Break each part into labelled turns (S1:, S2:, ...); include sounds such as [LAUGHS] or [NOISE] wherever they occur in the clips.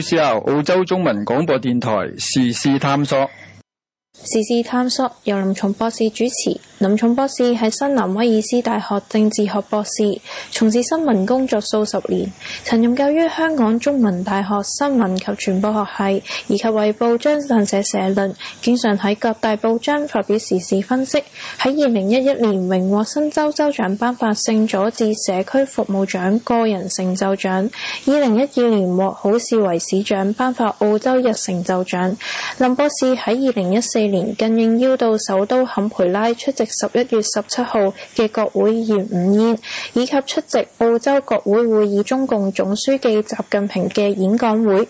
S1: 澳視澳洲中文廣播電台時事探索，
S2: 時事探索由林松博士主持。林重博士係新南威爾斯大學政治學博士，從事新聞工作數十年，曾任教於香港中文大學新聞及傳播學系，以及為報章撰寫社論，經常喺各大報章發表時事分析。喺二零一一年榮獲新州州長頒發聖佐治社區服務獎個人成就獎，二零一二年獲好事為市長頒發澳洲日成就獎，林博士喺二零一四年更應邀到首都坎培拉出席。十一月十七號嘅國會議員午宴，以及出席澳洲國會會議，中共總書記習近平嘅演講會，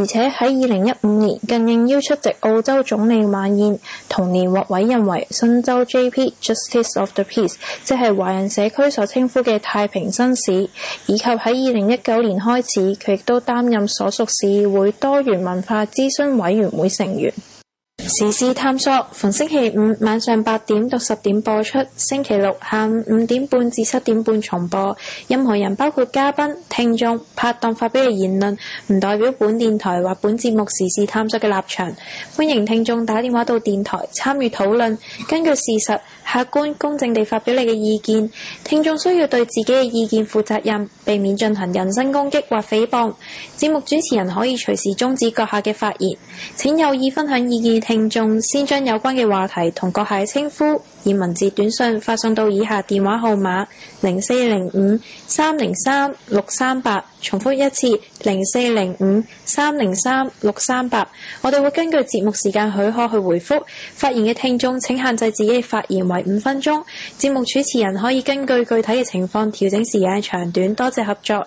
S2: 而且喺二零一五年更應邀出席澳洲總理晚宴。同年獲委任為新州 J.P. Justice of the Peace，即係華人社區所稱呼嘅太平紳士，以及喺二零一九年開始，佢亦都擔任所屬市議會多元文化諮詢委員會成員。時事探索逢星期五晚上八點到十點播出，星期六下午五點半至七點半重播。任何人包括嘉賓、聽眾、拍檔發出嘅言論，唔代表本電台或本節目時事探索嘅立場。歡迎聽眾打電話到電台參與討論，根據事實。客觀公正地發表你嘅意見，聽眾需要對自己嘅意見負責任，避免進行人身攻擊或誹謗。節目主持人可以隨時終止閣下嘅發言。請有意分享意見聽眾先將有關嘅話題同閣下嘅稱呼，以文字短信發送到以下電話號碼：零四零五三零三六三八。重複一次：零四零五三零三六三八。我哋會根據節目時間許可去回覆發言嘅聽眾，請限制自己發言為五分鐘。節目主持人可以根據具體嘅情況調整時間長短，多謝合作。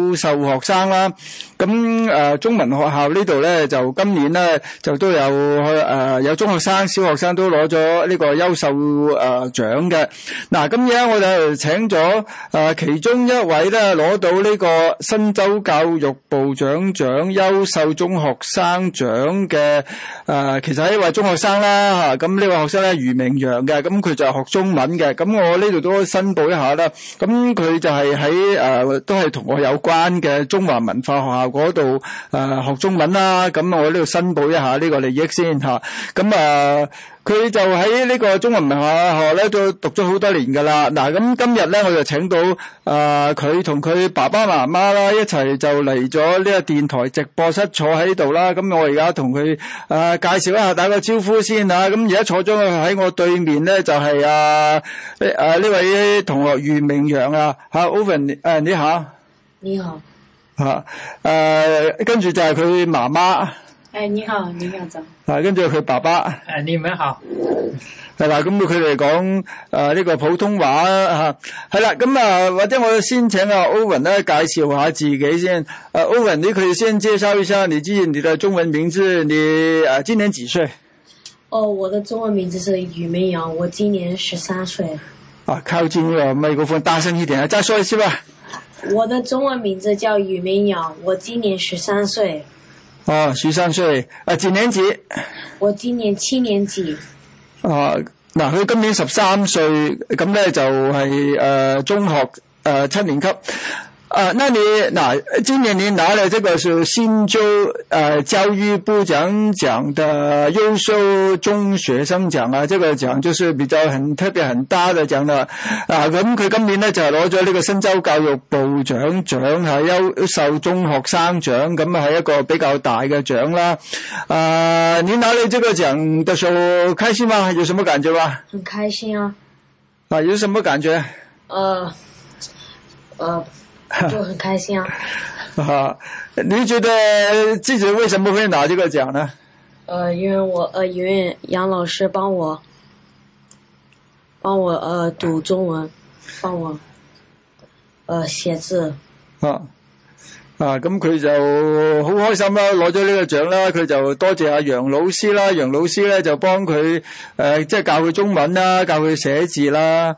S1: 優秀學生啦，咁誒中文學校呢度咧，就今年咧就都有去誒有中學生、小學生都攞咗呢個優秀誒獎嘅。嗱，咁而家我就請咗誒其中一位咧攞到呢個新州教育部長獎優秀中學生獎嘅誒，其實係一位中學生啦吓。咁呢位學生咧余明洋嘅，咁佢就係學中文嘅。咁我呢度都申報一下啦。咁佢就係喺誒都係同我有關。班嘅中華文化學校嗰度誒學中文啦，咁我呢度申報一下呢個利益先嚇。咁啊，佢、啊、就喺呢個中華文，文化學校咧都讀咗好多年噶啦。嗱、啊，咁今日咧我就請到啊佢同佢爸爸媽媽啦一齊就嚟咗呢個電台直播室坐喺度啦。咁、啊、我而家同佢誒介紹一下，打個招呼先嚇。咁而家坐咗喺我對面咧就係、是、啊誒呢、啊啊、位同學余明洋啊嚇、啊，Owen 誒、啊、你嚇。你好，啊，誒，跟住就係佢媽媽。誒，你好，你好啊，跟住佢爸爸。
S3: 誒，你們好。
S1: 係啦，咁佢哋講誒、呃、呢個普通話啊，係啦，咁啊或者我先請阿歐文咧介紹下自己先。誒，歐文，你可以先介紹一下你自己，你嘅中文名字，你誒、啊、今年幾歲？哦，
S4: 我的中文名字是余明
S1: 洋，我今年十三歲。啊，靠近我麥克風，大聲一點，再說一次吧。
S4: 我的中文名字叫余明洋，我今年十、啊、三歲。
S1: 啊，十三歲，啊幾年級？
S4: 我今年七年級。
S1: 啊，嗱，佢今年十三歲，咁咧就係、是、誒、呃、中學誒、呃、七年級。啊，那你拿、啊、今年你拿了這個是新州，誒、呃，教育部長獎的優秀中學生獎啊，這個獎就是比較很特別很大的獎啦。啊，咁佢今年呢，就攞咗呢個新州教育部長獎係、啊、優秀中學生獎，咁、啊、係一個比較大嘅獎啦。啊，你拿了這個獎嘅時候開心嗎？有什麼感覺啊？很開心啊！啊，有什麼感覺？誒、
S4: 呃，誒、呃。就很開心啊！
S1: 哈，你覺得自己、啊、為什麼可以拿這個獎呢、啊？
S4: 呃、 [NOISE] 啊，因為我，呃，因為楊老師幫我，幫我，呃，讀中文，幫我，呃，寫字。啊，
S1: 啊，咁、嗯、佢就好開心啦，攞咗呢個獎啦、啊，佢就多謝阿、啊、楊老師啦，楊老師咧就幫佢，誒、呃，即、就、係、是、教佢中文啦、啊，教佢寫字啦。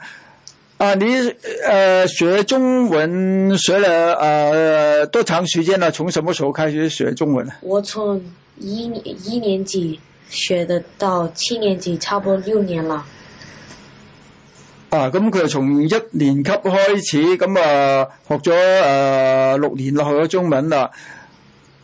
S1: 啊，你，誒、呃，學中文學了，誒、呃，多長時間啦？從什麼時候開始學中文啊？
S4: 我從一年一年級學的，到七年級，差唔多六年啦。
S1: 啊，咁佢係從一年級開始，咁、嗯、啊，學咗誒、嗯嗯、六年啦，學咗中文啦。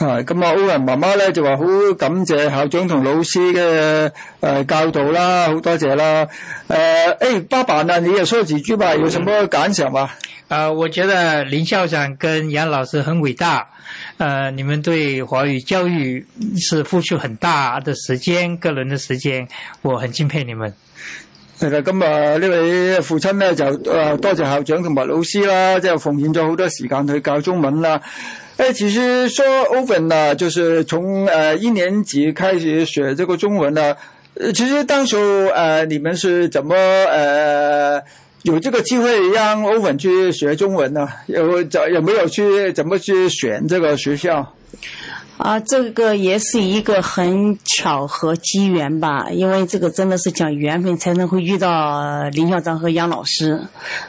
S1: 咁啊，歐文媽媽咧就話好感謝校長同老師嘅誒教導啦，好多謝啦。誒，誒，爸爸啦，你又說幾句吧，有什麼感想嘛？啊，我覺得林
S3: 校長跟楊老師很偉大。誒、呃，你們對華語教育是付出很大的時間，個人的時間，我很敬佩你們。
S1: 其實咁啊，呢位父親咧就誒多謝校長同埋老師啦，即係奉獻咗好多時間去教中文啦。誒，其實說歐文呢，就是從呃一年級開始學這個中文呢、呃。其實當時呃你們是怎麼呃有這個機會讓歐文去學中文呢？有怎有沒有去怎麼去選這個學校？
S5: 啊，這個也是一個很巧合機緣吧，因為這個真的是講緣分，才能會遇到林校長和楊老師。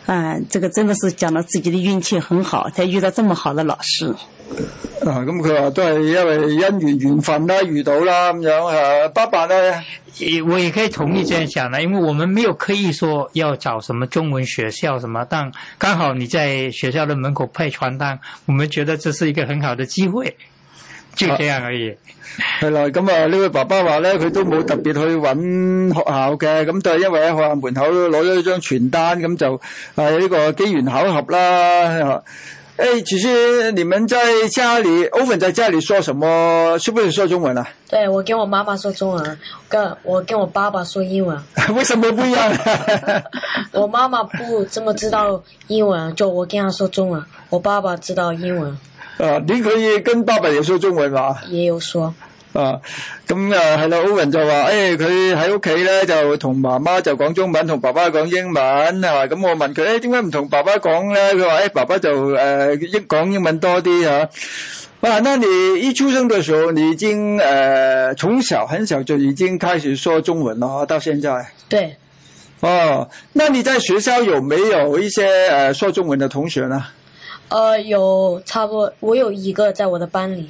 S5: 嗯、啊，這個真的是講了自己的運氣很好，才遇到這麼好的老師。
S1: 啊，咁佢話都係因為因緣緣分啦，遇到啦咁樣誒、啊，爸爸咧，我我也可以同意這樣講啦，因為我們沒有刻
S3: 意說要找什麼中文學校什麼，但剛好你在學校的門口派傳單，我們覺得這是一個很好的機會。即係咁樣
S1: 而已。係、啊、 [LAUGHS] 啦，咁啊呢位爸爸話咧，佢都冇特別去揾學校嘅，咁都係因為喺學校門口攞咗一張傳單，咁就啊呢個機緣巧合啦。啊誒、哎，其實你們在家裏，歐粉在家裏說什麼？是不是說中文啊？
S4: 對，我跟我媽媽說中文，跟我跟我爸爸說英文。 [LAUGHS] 為什麼不一樣？ [LAUGHS] 我媽媽不怎麼知道英文，就我跟她說中文。我爸爸知道英文。
S1: 啊、呃，你可以跟爸爸也說中文嗎？也有說。啊，咁、嗯、啊，係啦，Owen 就話，誒、欸，佢喺屋企咧就同媽媽就講中文，同爸爸講英文啊。咁、嗯、我問佢，誒、欸，點解唔同爸爸講咧？佢話，誒、欸，爸爸就誒，英、呃、講英文多啲吓。哇、啊啊，那你一出生嘅時候，你已經誒從、呃、小很小就已經開始說中文咯，到現在。對。哦、啊，那你在學校有沒有一些誒、呃、說中文嘅同學呢？
S4: 誒、呃，有，差不多，我有一個在我的班裏。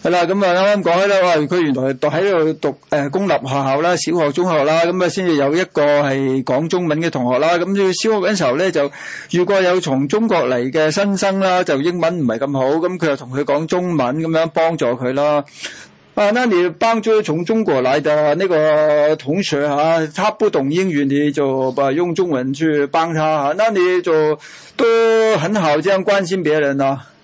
S1: 係啦，咁啊啱啱講起啦，哇！佢原來讀喺度讀誒公立學校啦，小學、中學啦，咁啊先至有一個係講中文嘅同學啦。咁啲小學嗰陣時候咧，就如果有從中國嚟嘅新生啦，就英文唔係咁好，咁佢就同佢講中文咁樣幫助佢啦。啊，那你幫助從中國嚟嘅呢個同學啊，他不懂英語，你就用中文去幫他啊。那你就都很好，這樣關心別人咯。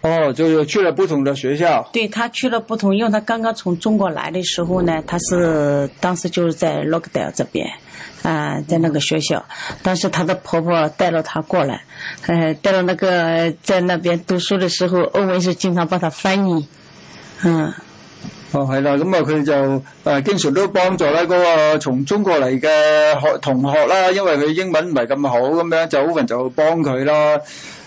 S5: 哦，就去了不同的學校。對，他去了不同，因為他剛剛從中國來的時候呢，他是當時就是在洛克戴爾這邊，啊、呃，在那個學校。當時他的婆婆帶咗他過來，誒、呃，帶咗那個在那邊讀書的時候，歐文是經常幫佢翻譯。嗯。
S1: 哦，係啦，咁、嗯、啊，佢就誒，經常都幫助咧嗰個從中國嚟嘅學同學啦，因為佢英文唔係咁好，咁樣就歐文就幫佢咯。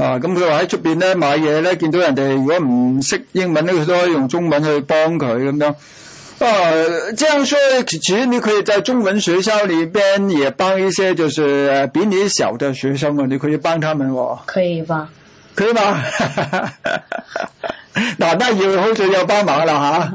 S1: 啊，咁佢話喺出邊咧買嘢咧，見到人哋如果唔識英文咧，佢都可以用中文去幫佢咁樣。啊，即係講，其實你可以在中文學校裏邊也幫一些就是比你小的學生啊，你可以幫他們喎、
S4: 哦。可以幫？
S1: 可以嘛？ [LAUGHS] 難得要好少有幫忙啦嚇、啊。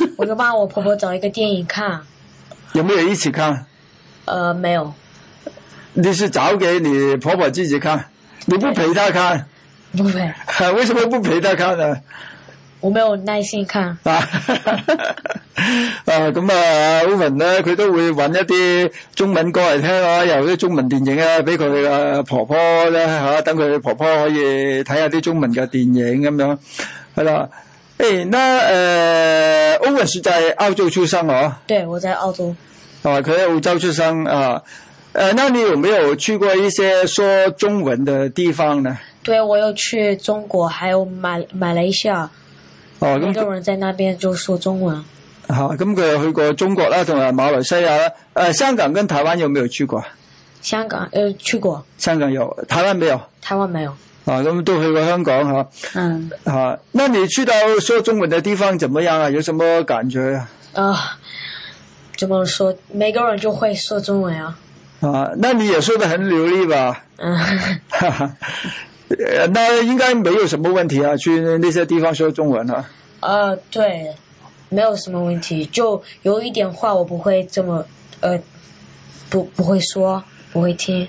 S4: [LAUGHS] 我就幫我婆婆找一個電影看。
S1: 啊，有沒有一起看？
S4: 呃，沒有。
S1: 你是找給你婆婆自己看，你不陪她看？不陪。為什麼不陪她看呢？
S4: 我沒有耐心看。 [LAUGHS] [LAUGHS] 啊，
S1: 咁、嗯、啊、呃、Owen 咧，佢都會揾一啲中文歌嚟聽啊，又啲中文電影啊，俾佢啊婆婆咧吓、啊，等佢婆婆可以睇下啲中文嘅電影咁樣，係、嗯、啦。嗯誒、哎，那誒、呃，歐文是在澳洲出生哦。
S4: 對，我在澳洲。
S1: 哦，佢喺澳洲出生啊。誒、呃，那你有沒有去過一些說中文的地方呢？
S4: 對，我有去中國，還有馬馬來西亞。
S1: 哦，中國人
S4: 在那邊就說中文。
S1: 好，咁佢有去過中國啦，同埋馬來西亞啦。誒、呃，香港跟台灣有冇去過？
S4: 香港誒、呃，去過。
S1: 香港有，台灣沒有。
S4: 台灣沒有。
S1: 啊，咁都去過香港哈。啊、嗯。嚇、啊，那你去到說中文的地方，怎麼樣啊？有什麼感覺啊？
S4: 啊、呃，怎麼說？每個人就會說中文啊。
S1: 啊，那你也說的很流利吧？嗯。哈哈，誒，那應該沒有什麼問題啊，去那些地方說中文啊。啊、
S4: 呃，對，沒有什麼問題，就有一點話我不會這麼，呃，不不會說，不會聽。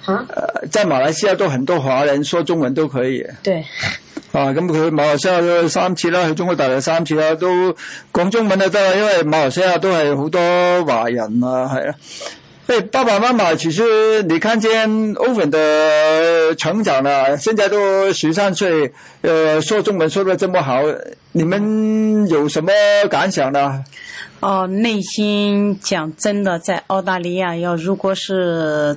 S1: 喺，喺、啊、馬來西亞都很多華人，說中文都可以。對。啊，咁佢馬來西亞都三次啦，去中國大陸三次啦，都講中文都得，因為馬來西亞都係好多華人啊。係、欸、啊，爸爸媽媽，其實你看見歐文的成長啦，現在都十三歲，誒、呃，說中文說得這麼好，你們有什麼感想呢？
S5: 哦、嗯呃，內心講真的，在澳大利亞要如果是。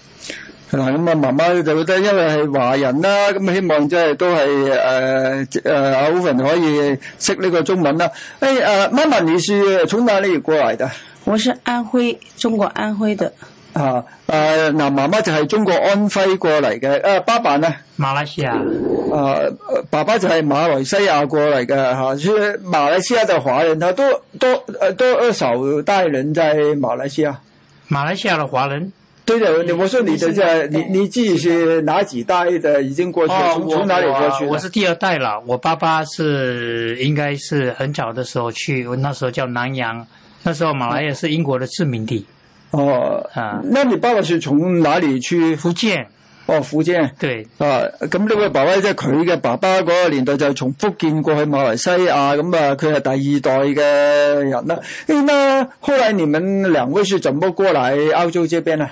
S1: 嗱咁、嗯、啊，媽媽就覺得，因為係華人啦，咁希望即係都係誒誒，阿 Owen 可以識呢個中文啦。誒、呃，阿媽媽你是從哪裡過嚟的？
S5: 我是安徽，中國安徽嘅、
S1: 啊。啊誒，嗱、啊，媽媽就係中國安徽過嚟嘅。誒、啊，爸爸呢？馬來西亞。啊，爸爸就係馬來西亞過嚟嘅嚇。啊、所以馬來西亞就華人，佢多多誒多二、三代人在馬來西亞。
S3: 馬來西亞嘅華人。
S1: 你，我說你的，你你，你自己是哪幾代的？已經過去了，哦、從從哪裡過去我、啊？我是
S3: 第二代啦，我爸爸是應該是很早的時候去，我那時候叫南洋，那時候馬來亞是英國的殖民地。哦，啊，那你爸爸是
S1: 從哪裡去福建？哦，福建，對，啊，咁呢個爸爸即係佢嘅爸爸嗰個年代就從福建過去馬來西亞，咁、嗯、啊，佢、嗯、係第二代嘅人啦。誒、嗯，那、嗯、後來你們兩位是怎麼過來澳洲這邊啊？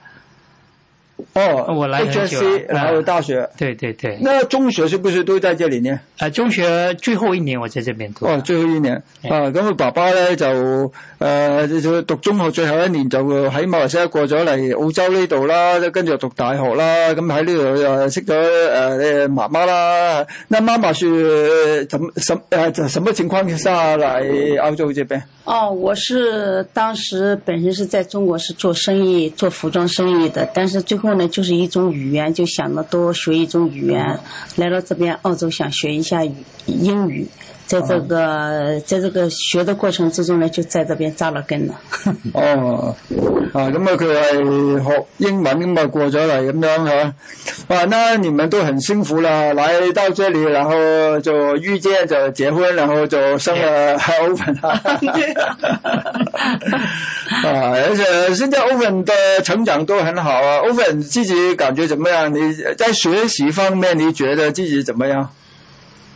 S3: 哦，我來 HJC，來讀大學，對對對，
S1: 那中學是不是都在這裏念？啊，中學最後一年我在這邊讀。哦，最後一年，對 啊，咁佢爸爸咧就誒，呃、就讀中學最後一年就喺馬來西亞過咗嚟澳洲呢度啦，跟住讀大學啦，咁喺呢度又識咗誒媽媽啦。那媽媽是怎什誒？就什麼情況下嚟澳洲這邊？
S5: 哦，我是當時本身是在中國是做生意，做服裝生意的，但是最後。就是一種語言，就想着多多學一種語言。來到這邊澳洲，想學一下英語。在這個，在這個學的過程之中呢，就在這邊紮了根了。
S1: 哦、oh, okay. 啊，啊咁啊佢學英文咁啊過咗嚟。那你們都很幸福啦，來到這裏，然後就遇見，就結婚，然後就生咗 Owen。啊，而且現在 Owen 的成長都很好啊。Owen [LAUGHS] [NOISE] 自己感覺怎麼樣？你在學習方面，你覺得自己怎麼樣？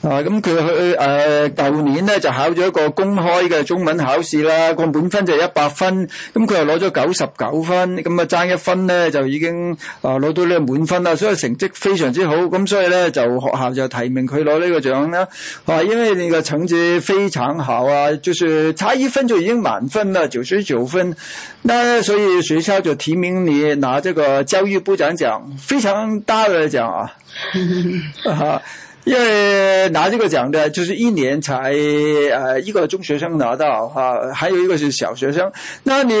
S1: 啊！咁佢去誒舊、呃、年咧就考咗一個公開嘅中文考試啦，個滿分就係一百分，咁佢又攞咗九十九分，咁、嗯、啊爭一分咧就已經啊攞、呃、到呢個滿分啦，所以成績非常之好，咁、嗯、所以咧就學校就提名佢攞呢個獎啦。話、啊、因為你個成績非常好啊，就算、是、差一分就已經滿分啦，九十九分，那所以學校就提名你拿這個教育部長獎，非常大嘅獎啊！啊！ [LAUGHS] 因為、yeah, 拿這個獎的，就是一年才，呃一個中學生拿到，哈、啊，還有一個是小學生。那你，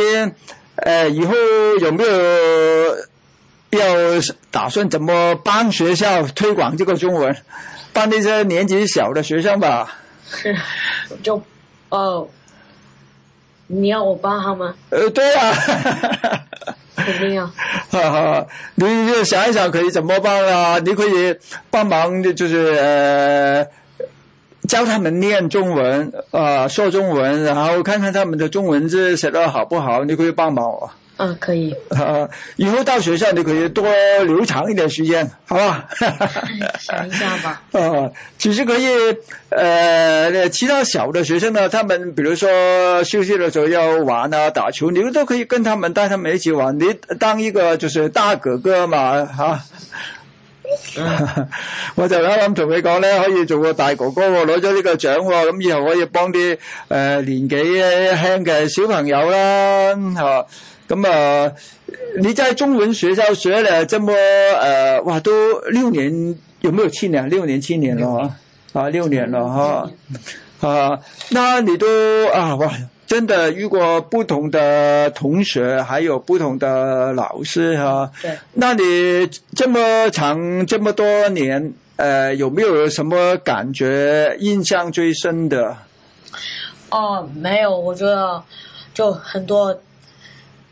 S1: 呃以後有沒有，要打算怎麼幫學校推廣這個中文？幫那些年紀小的學生吧。
S4: [LAUGHS] 就，哦，你要我幫好嗎？呃，對啊。哈哈哈。
S1: 怎麼樣。哈哈、啊，你就想一想可以怎麼辦啊？你可以幫忙，就就是、呃、教他們念中文啊，說中文，然後看看他們的中文字寫的好不好？你可以幫忙、啊。嗯、啊，可以。以後到學校你可以多留長一點時間，好吧？想一下吧。 [LAUGHS] 啊，其實可以，誒，其他小的學生呢，他們，比如說休息的時候要玩啊，打球，你都可以跟他們，帶他們一起玩。你當一個就是大哥哥嘛，吓、啊。 [LAUGHS] 我就喺諗同佢講咧，可以做個大哥哥、哦，攞咗呢個獎、哦，咁以後可以幫啲誒、呃、年紀輕嘅小朋友啦，係、啊。那麼、嗯呃，你在中文學校學了這麼，呃，哇，都六年，有沒有七年？六年七年了。嗯、啊，六年了哈，啊，年啊，那你都啊，哇，真的，遇過不同的同學，還有不同的老師哈，啊嗯、那你這麼長，這麼多年，呃，有沒有什麼感覺，印象最深的？
S4: 哦，沒有，我覺得就很多。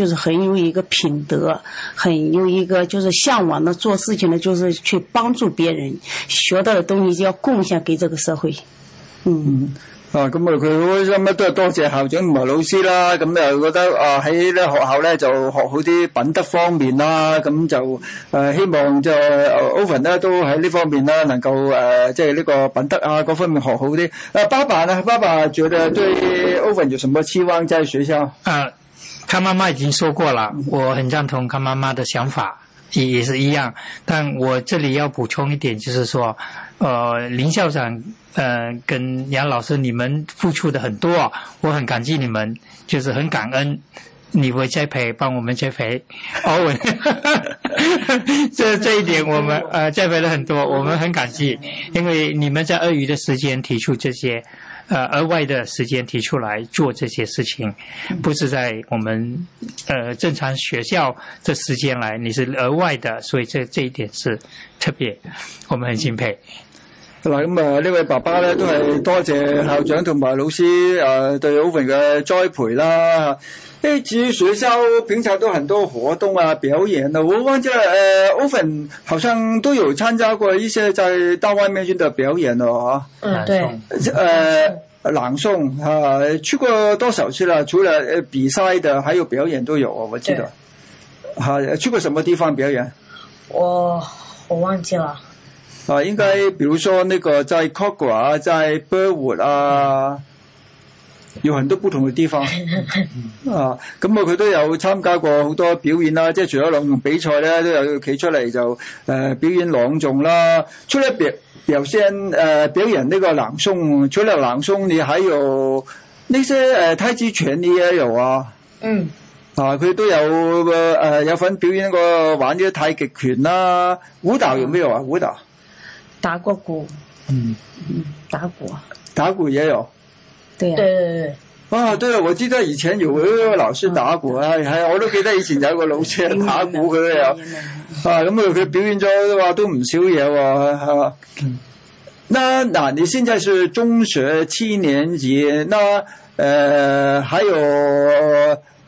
S5: 就是很有一個品德，很有一個就是向往的做事情呢，就是去幫助別人，學到的東西就要貢獻給這個社會。
S1: 嗯，啊咁啊佢好開心，乜都係多謝校長同埋老師啦。咁又覺得啊喺呢學校咧就學好啲品德方面啦。咁就誒希望就 Owen 咧都喺呢方面啦，能夠誒即係呢個品德啊各方面學好啲。阿、啊、爸爸呢？爸爸覺得對 Owen 有什麼期望？在學校啊？康媽媽已經說
S3: 過了，我很贊同康媽媽的想法，也也是一樣，但我這裏要補充一點，就是說呃，林校長呃，跟楊老師你們付出的很多，我很感激你們，就是很感恩你會栽培，幫我們栽培。阿文， [LAUGHS] [LAUGHS] 這這一點我們呃栽培了很多，我們很感激，因為你們在業餘的時間提出這些。呃，額外的時間提出來做這些事情，不是在我們呃，正常學校的時間來。你是額外的，所以這這一點是特別，我們很敬佩。
S1: 嗱咁啊，呢位爸爸咧都係多謝校長同埋老師啊，呃，對 Owen 嘅栽培啦。誒，至於學校平常都很多活動啊，表演啊。我忘記了。呃、Owen 好像都有參加過一些在到外面去的表演咯，啊、吓、啊。嗯，對。誒、呃，朗誦啊，去過多少次啦？除了比賽的，還有表演都有，我記得。好對、嗯啊，去過什麼地方表演？
S4: 我我忘記了。
S1: 啊，應該，比如說，那個在 c o c k a 啊，在 Burwood 啊，有很多不同嘅地方 [LAUGHS] 啊。咁我佢都有參加過好多表演啦，即係除咗朗誦比賽咧，都有企出嚟就誒、呃、表演朗誦啦。除了表、表現誒表演呢個朗誦，除了朗誦，你喺度呢些誒、呃、太極拳，你也有啊？
S6: 嗯，
S1: 啊，佢都有誒、呃、有份表演個玩啲太極拳啦。舞蹈有咩啊？舞蹈？
S5: 打過鼓，
S1: 嗯，打鼓啊，打鼓也有，對啊，對對對，啊，對啊，我記得以前有個老師打鼓，啊，係啊，我都記得以前有個老師打鼓，佢都有，啊，咁佢佢表演咗都話都唔少嘢喎，係嘛、啊，嗯，那嗱、呃，你現在是中學七年級，那，誒、呃，還有。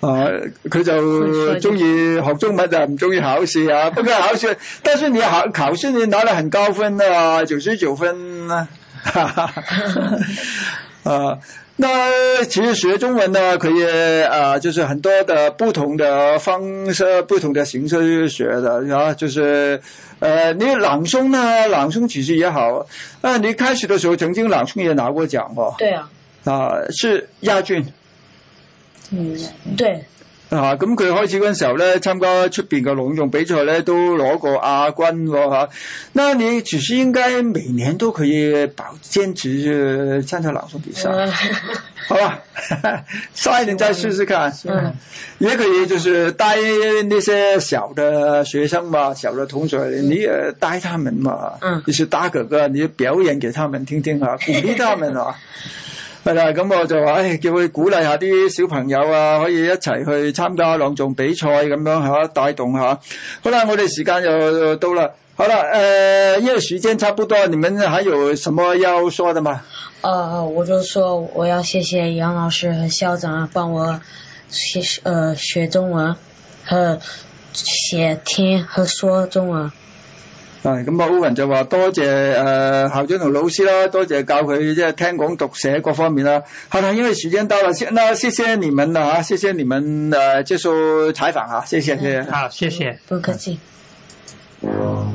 S1: 啊，佢就中意學中文就唔中意考試啊。不過考試，但是你考考試，你拿了很高分啊，九十九分啊哈哈。啊，那其實學中文呢，可以啊，就是很多的不同的方式、不同的形式去學的啊。就是，呃，你朗誦呢？朗誦其實也好。啊，你開始的時候曾經朗誦也拿過獎喎。對啊。啊，是亞軍。嗯，對。吓，咁佢開始嗰陣時候咧，參加出邊嘅朗誦比賽咧，都攞過亞軍喎吓。那你其實應該每年都可以保堅持參加朗誦比賽， [LAUGHS] 好吧？下一年再試試看。嗯。 [LAUGHS] 也可以，就是帶那些小的學生嘛，小的同學，你、呃、帶他們嘛。嗯。你是大哥哥，你表演給他們聽，聽聽啊，鼓勵他們啊。 [LAUGHS] 係啦，咁、 [NOISE] [NOISE] [NOISE] 嗯、我就話，誒，叫佢鼓勵下啲小朋友啊，可以一齊去參加朗誦比賽咁樣吓、啊，帶動下。好啦，我哋時間又到啦，好啦，誒、呃，因為時間差不多，你們還有什麼要說的嗎？
S4: 啊、呃，我就說我要謝謝楊老師和校長幫我學，誒、呃，學中文和寫聽和說中文。
S1: 係咁啊！歐、嗯、文就話多謝誒、呃、校長同老師啦，多謝教佢即係聽講讀寫各方面啦。好、啊、啦，因為時間到啦，先啦，謝謝你們啦、啊、嚇，謝謝你們嘅、啊啊、接受採訪嚇、啊，謝謝的謝謝。好，謝謝。不客氣。嗯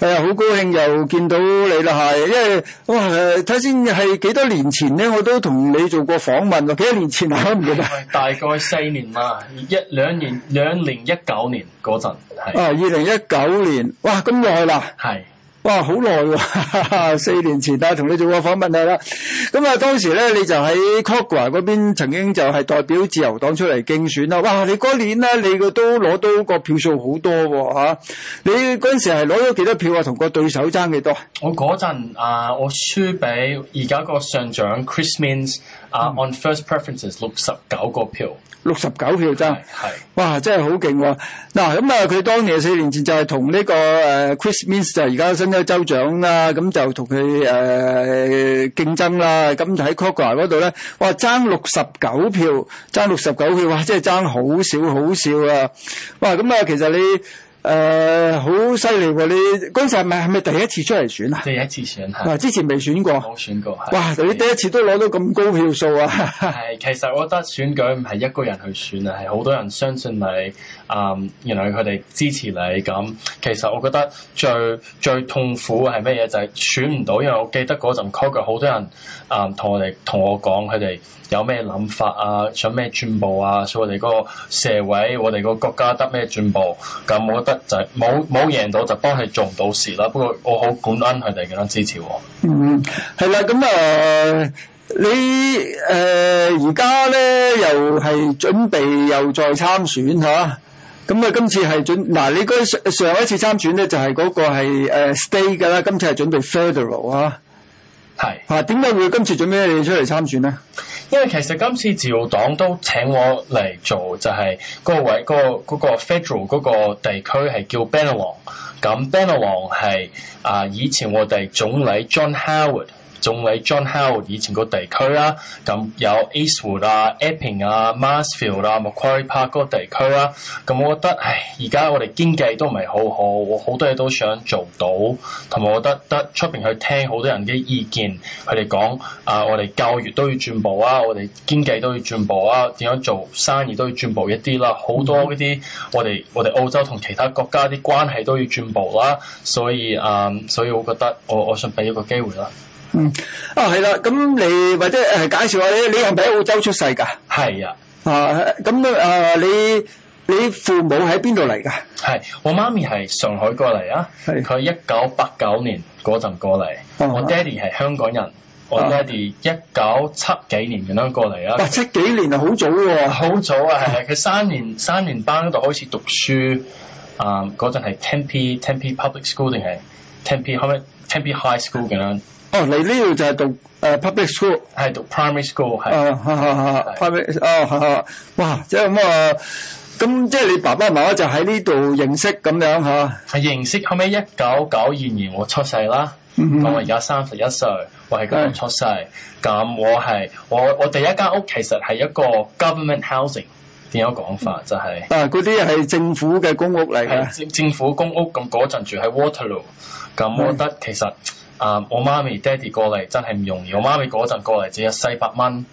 S1: 係啊，好高興又見到你啦，係，因為哇，睇先係幾多年前咧，我都同你做過訪問喎，幾多年前啊？我唔記得，
S7: 大概四年啦， [LAUGHS] 一兩年，二零一九年嗰陣
S1: 係。二零一九年，哇，咁耐啦。係。哇，好耐喎！四年前啊，同你做過訪問啦。咁啊、嗯，當時咧你就喺 Kogarah 嗰邊曾經就係代表自由黨出嚟競選啦。哇，你嗰年咧你個都攞到個票數好多喎！你嗰陣時係攞咗幾多票啊？同個對手爭幾多？我嗰陣
S7: 啊，我輸俾而家個州長 Chris Minns 啊！on、uh, first preferences 六十九個票，
S1: 六十九票對爭，係對哇，真係好勁喎！嗱，咁啊，佢、啊、當年四年前就係同呢個誒、uh, Chris Minns 就而家新州州長啦，咁、啊、就同佢誒競爭啦，咁就喺 Kogarah 嗰度咧，哇，爭六十九票，爭六十九票，哇，真係爭好少好少啊！哇，咁、嗯、啊，其實你。誒好犀利喎！你嗰陣時係咪係咪第一次出嚟選啊？第一次選係。之前未選過。冇選過係。哇！你第一次都攞到咁高票數啊！係 [LAUGHS] ，
S7: 其實我覺得選舉唔係一個人去選啊，係好多人相信你。啊！Um, 原來佢哋支持你咁，其實我覺得最最痛苦係咩嘢？就係、是、選唔到，因為我記得嗰陣 call 嘅好多人啊，同、um, 我哋同我講佢哋有咩諗法啊，想咩進步啊，想我哋嗰個社會、我哋個國家得咩進步。咁我覺得就係冇冇贏到就當係中到事啦。不過我好感恩佢哋咁樣支持我。
S1: 嗯，
S6: 係啦，咁啊，嗯、你誒而家
S1: 咧又係準備又再參選嚇。咁啊、嗯，今次係準嗱、啊，你嗰上上一次參選咧就係嗰個係、uh, state 嘅啦，今次係準備 federal 啊。係是。嗱、啊，點解會今次準備出嚟參選咧？
S7: 因為其實今次自由黨都請我嚟做，就係嗰個位、嗰、嗰個嗰、嗰個 federal 嗰個地區係叫 Bennelong，咁 Bennelong 係啊，以前我哋總理 John Howard。仲有 John Howe 以前個地區啦，咁有 Eastwood 啊、Epping 啊、Marsfield 啊、Macquarie Park 嗰個地區啦。咁我覺得，唉，而家我哋經濟都唔係好好，我好多嘢都想做到，同埋我覺得得出邊去聽好多人嘅意見，佢哋講啊，我哋教育都要進步啊，我哋經濟都要進步啊，點樣做生意都要進步一啲啦。好多嗰啲我哋我哋澳洲同其他國家啲關係都要進步啦，所以啊、嗯，所以我覺得我我想俾一個機會啦。
S1: 嗯啊，係啦。咁、嗯、你或者誒介紹下你你係唔係喺澳洲出世㗎？係啊。啊咁、嗯、啊，你你父母喺邊度嚟㗎？係
S7: 我媽咪係上海過嚟是啊，啊，啊。佢一九八九年嗰陣過嚟。我爹哋係香港人。我爹哋一九七幾年咁樣過嚟啊。他八七幾年啊，好早喎，好早啊，係係佢三年三年班嗰度開始讀書。嗯，嗰陣係 Tempe Tempe Public School 定係 Tempe Tempe High School 咁樣。
S1: 哦，你呢度就係讀誒、uh, public school，係讀 primary school，係啊，係係係，public，啊係係是、啊啊啊啊，哇，即係咁啊，咁即係你爸爸媽媽就喺呢度認
S7: 識咁樣嚇，係、啊、認識，後尾一九九二年我出世啦，
S6: 嗯、哼我而家
S7: 三十一歲，我係咁出世，咁是我係我我第一間屋其實係一個 government housing，點樣講法就係、
S1: 是，嗱嗰啲係政府嘅公屋嚟
S7: 嘅，政府公屋咁嗰陣住喺 Waterloo，咁我覺得是其實。啊！Uh, 我媽咪、爹哋過嚟真係唔容易。我媽咪嗰陣過嚟只有四百蚊，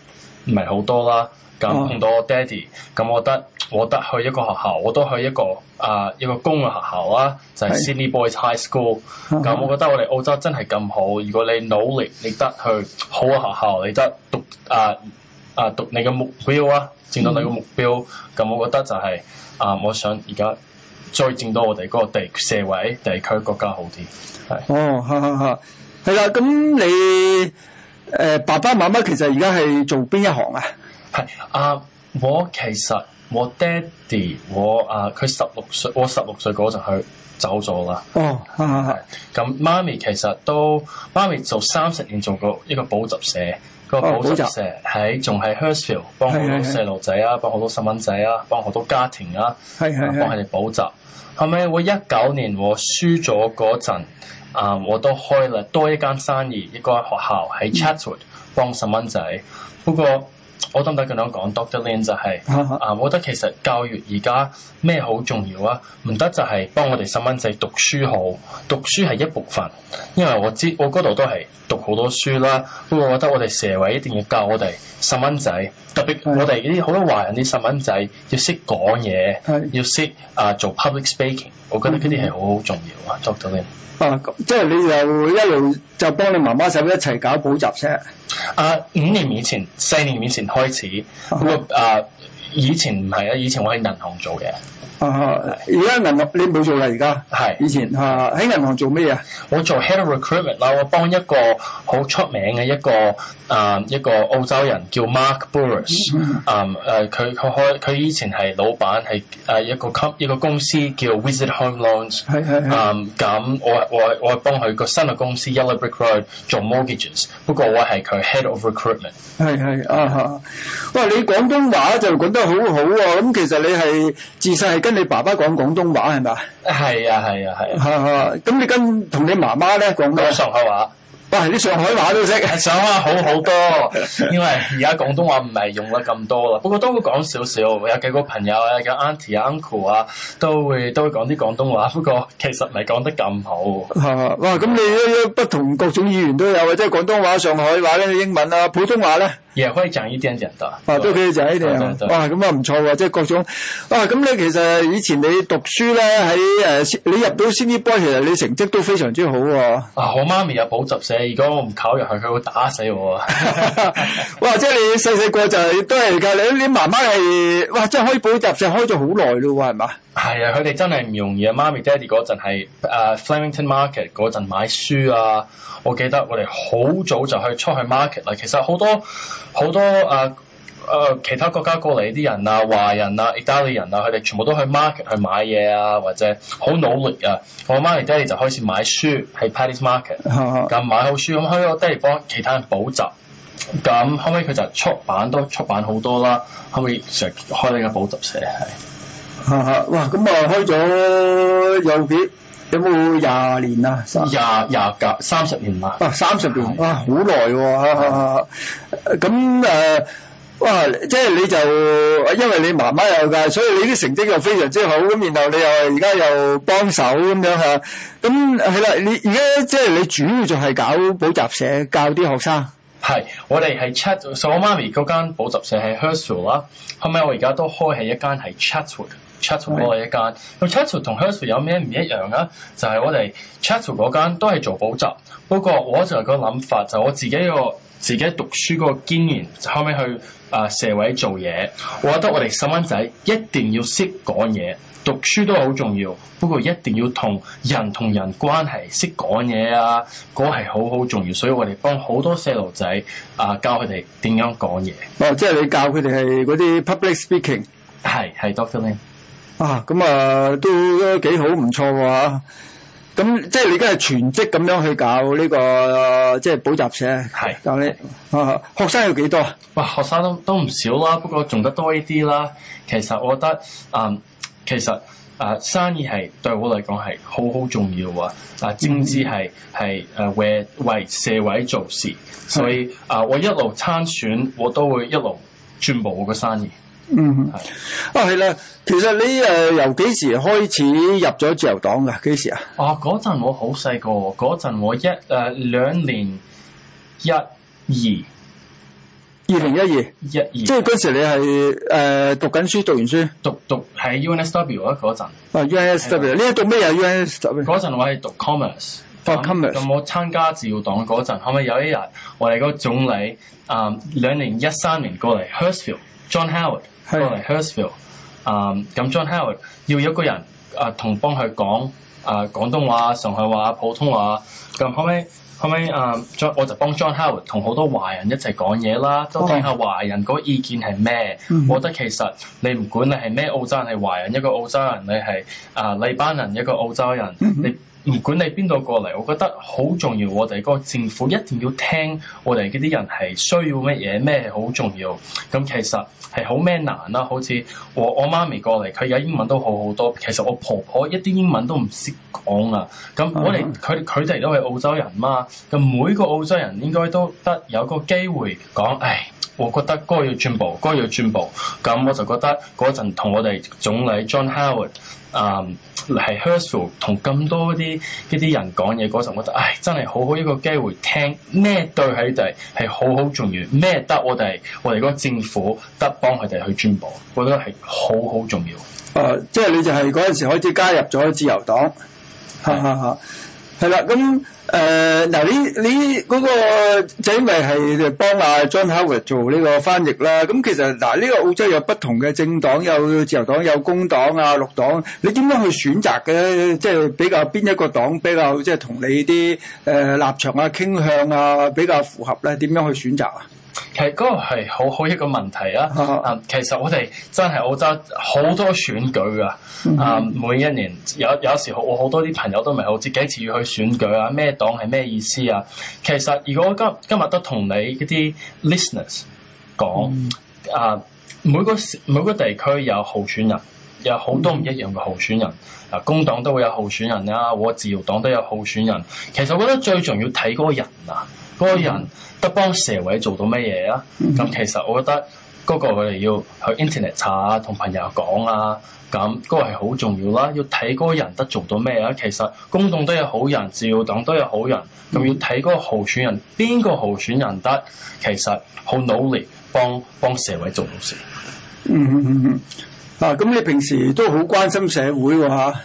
S6: 唔係好
S7: 多啦。咁到我爹哋，咁、嗯嗯、我得我得去一個學校，我都去一個啊、呃、一個公嘅學校啦，就係、是、Sydney Boys High School、嗯。咁、嗯嗯、我覺得我哋澳洲真係咁好。如果你努力，你得去好嘅學校，你得讀啊啊、呃呃、讀你嘅目標啊，占到你嘅目標。咁、嗯嗯、我覺得就係、是、啊、呃，我想而家。再整到我哋嗰個地社會地區國家好啲，係。哦，
S1: 嚇嚇嚇，係啦。咁你誒、呃、爸爸媽媽其實而家係做邊一行啊？
S7: 係啊，我其實我爹哋我啊，佢十六歲，我十六歲嗰陣佢走咗啦。
S6: 哦，嚇
S7: 嚇嚇。咁、嗯、媽咪其實都媽咪做三十年，做過一個補習社。個補習社喺仲係 Her、啊、sfield 幫好多細路仔啊，幫好多細蚊仔啊，幫好多家庭啊，是是是啊，幫佢哋補習。後尾我一九年我輸咗嗰陣，啊我都開啦多一間生意，一個學校喺 Chatswood、嗯、幫細蚊仔，不過。我得唔得咁樣講，Doctor Lin 就係、是 uh huh. 啊，我覺得其實教育而家咩好重要啊？唔得就係幫我哋細蚊仔讀書好，讀書係一部分。因為我知我嗰度都係讀好多書啦。不過，我覺得我哋社會一定要教我哋細蚊仔，特別我哋啲好多華人啲細蚊仔要識講嘢，uh huh. 要識啊、uh, 做 public speaking。我覺得呢啲係好好重要啊，Doctor Lin。
S1: 啊！即係你又一路就幫你媽媽手一齊搞補習社。
S7: 啊，五年以前、四年以前開始，我啊。我啊。以前唔係啊，以前我喺銀行做嘅。啊，
S1: 而家銀行你冇做啦，而家。係以前啊，喺銀行做咩啊？我做 head of recruitment，啦，我幫一個
S7: 好出名嘅一個啊，uh, 一個澳洲人叫 Mark Burris、um, uh,。嗯。啊，誒，佢佢開佢以前係老闆係誒一個級一個公司叫 Visit Home Loans。係係係。啊，咁、um, 我我我幫佢個新嘅公司 Yellow Brick Road 做 mortgages，不過我係佢 head of recruitment。
S1: 係
S6: 係啊哈，喂、uh,！你廣
S1: 東話就廣東。好好喎，咁其實你係自細係跟你爸爸講廣東話係咪？係啊，係
S7: 啊，係啊。嚇
S1: 嚇，咁你跟同你媽媽咧，講咩上海話？哇！啲上海話都識，上海話好好多，因為
S7: 而家廣東話唔係用得咁多啦。不過都會講少少，有幾個朋友啊，有 Auntie、Uncle 啊，都會都會講啲廣東話。不過其實唔係講得咁好。
S1: 嚇哇！咁你一不同各種語言都有，或者廣東話、上海話咧、英文啊、普通話咧。也、yeah, 以講一點點的，啊，都幾好仔，啊，咁啊唔錯喎，即係各種，啊，咁你其實以前你讀書咧喺誒，你入到 Sydney Boys，其實你成績都非常之好喎，
S7: 哦。啊，我媽咪有補習社，如果我唔考入去，佢會打死我。
S1: [LAUGHS] 哇，即係細細個就係都係噶，你你媽媽係，哇，真係以補習社開咗好耐咯，係嘛？
S7: 係啊，佢哋真係唔容易啊。媽咪、爹哋嗰陣係誒 Flemington Market 嗰陣買書啊，我記得我哋好早就去出去 market 啦。其實好多。好多啊，誒、呃、其他國家過嚟啲人啊，華人啊，意大利人啊，佢哋全部都去 market 去買嘢啊，或者好努力啊。我媽咪爹哋就開始買書喺 Paddy's Market，咁 [LAUGHS] 買好書咁後尾爹哋幫其他人補習，咁後尾佢就出版都出版好多啦，後尾成開呢間補習社係。
S1: 哈哈， [LAUGHS] 哇！咁啊，開咗有幾？有冇廿年，年啊？廿廿九三十年嘛？年啊，三十年啊，好耐喎！咁誒啊，哇即係你就因為你媽媽有㗎，所以你啲成績又非常之好。咁然後你又而家又幫手咁樣嚇。咁係啦，你而家即係你主要就係搞補習社，教啲學生。
S7: 係，我哋係 c h a t s w o r 媽咪嗰間補習社係 h e r s e l 啊，後尾我而家都開起一間係 c h a t s Chatswood 嗰一間咁。Chatswood 同 Hurstville 是有咩唔一樣啊？就係、是、我哋 Chatswood 嗰間都係做補習，不過我就個諗法就我自己個自己讀書嗰個經驗，後尾去啊社會做嘢。我覺得我哋細蚊仔一定要識講嘢，讀書都係好重要。不過一定要同人同人關係識講嘢啊，嗰係好好重要。所以我哋幫好多細路仔啊教佢哋點樣講嘢。
S1: 哦，即係你教佢哋係嗰啲 public speaking，係係 Doctor Lin 啊，咁、嗯、啊都幾好，唔錯喎咁、啊嗯、即係你而家係全職咁樣去搞呢、呢個、呃、即係補習社，係是、教你、啊，學生有幾多？哇，學生都都唔少啦，不過
S7: 仲得多一啲啦。其實我覺得，嗯，其實誒生意係對我嚟講係好好重要啊，啊，政治係係誒為為社會做事，所以是啊，我一路參選，我都會一路進步我個
S1: 生意。嗯，啊係啦，其、hmm. 實、哦呃 uh, uh, 你誒由幾時開始入咗自由黨噶？幾時、uh, 啊？
S7: 啊嗰陣我好細個，嗰陣我一誒兩年一二二零一二一二，即係嗰時你係誒讀緊書，讀完書，讀讀喺 UNSW 嗰陣。
S1: UNSW，呢
S7: 喺讀咩啊 UNSW？嗰陣我係讀 commerce，讀 commerce、oh,。咁我參加自由黨嗰陣，後屘有一日，我哋個總理誒兩年一三年過嚟 Hurstville, John Howard。Hurstville 啊、um,，咁 John Howard 要一個人啊同、uh, 幫佢講啊、uh, 廣東話、上海話、普通話，咁後尾，可以？可唔可以啊？我就幫 John Howard 同好多華人一齊講嘢啦，都聽下華人嗰個意見係咩？Oh. 我覺得其實你唔管你係咩澳洲人、係華人一個澳洲人，你係啊黎巴嫩人一個澳洲人，你。Mm hmm. 唔管你邊度過嚟，我覺得好重要。我哋嗰個政府一定要聽我哋嗰啲人係需要乜嘢，咩好重要。咁其實係好咩難啦、啊？好似我我媽咪過嚟，佢而家英文都好好多。其實我婆婆我一啲英文都唔識講啊。咁我哋佢佢哋都係澳洲人嘛。咁每個澳洲人應該都得有個機會講，唉，我覺得該要進步，該要進步。咁我就覺得嗰陣同我哋總理 John Howard，嗯、um。係 h e r c u l 同咁多啲一啲人講嘢嗰時候，我覺得唉真係好好一個機會聽，聽咩對佢哋係好好重要，咩得我哋我哋個政府得幫佢哋去播，我覺得係好好重要。
S1: 誒、啊，即係你就係嗰陣時開始加入咗自由黨。嚇嚇嚇！ [LAUGHS] 係啦，咁誒嗱，你你嗰個就因為係幫阿 John Howard 做呢個翻譯啦。咁其實嗱，呢個澳洲有不同嘅政黨，有自由黨、有工黨啊、綠黨。你點樣去選擇嘅？即係比較邊一個黨比較即係同你啲誒立場啊、傾向啊比較符合咧？點樣去選擇啊？
S7: 其實嗰個係好好一個問題啊！啊， [MUSIC] 其實我哋真係澳洲好多選舉噶、啊，啊 [MUSIC] 每一年有有時候我好多啲朋友都唔係好知幾次要去選舉啊，咩黨係咩意思啊？其實如果今今日都同你嗰啲 listeners 講，啊 [MUSIC] 每個每個地區有候選人，有好多唔一樣嘅候選人，啊 [MUSIC] 工黨都會有候選人啊，我自由黨都有候選人。其實我覺得最重要睇嗰個人啊。嗰個人得幫社會做到咩嘢啊？咁其實我覺得嗰個我哋要去 internet 查啊，同朋友講啊，咁、那、嗰個係好重要啦。要睇嗰個人得做到咩啊？其實公眾都有好人，自由黨都有好人。咁要睇嗰個候選人，邊個候選人得，其實好努力幫幫社會做嘢。事、
S1: 嗯。嗯嗯嗯。啊，咁你平時都好關心社會喎
S7: 嚇。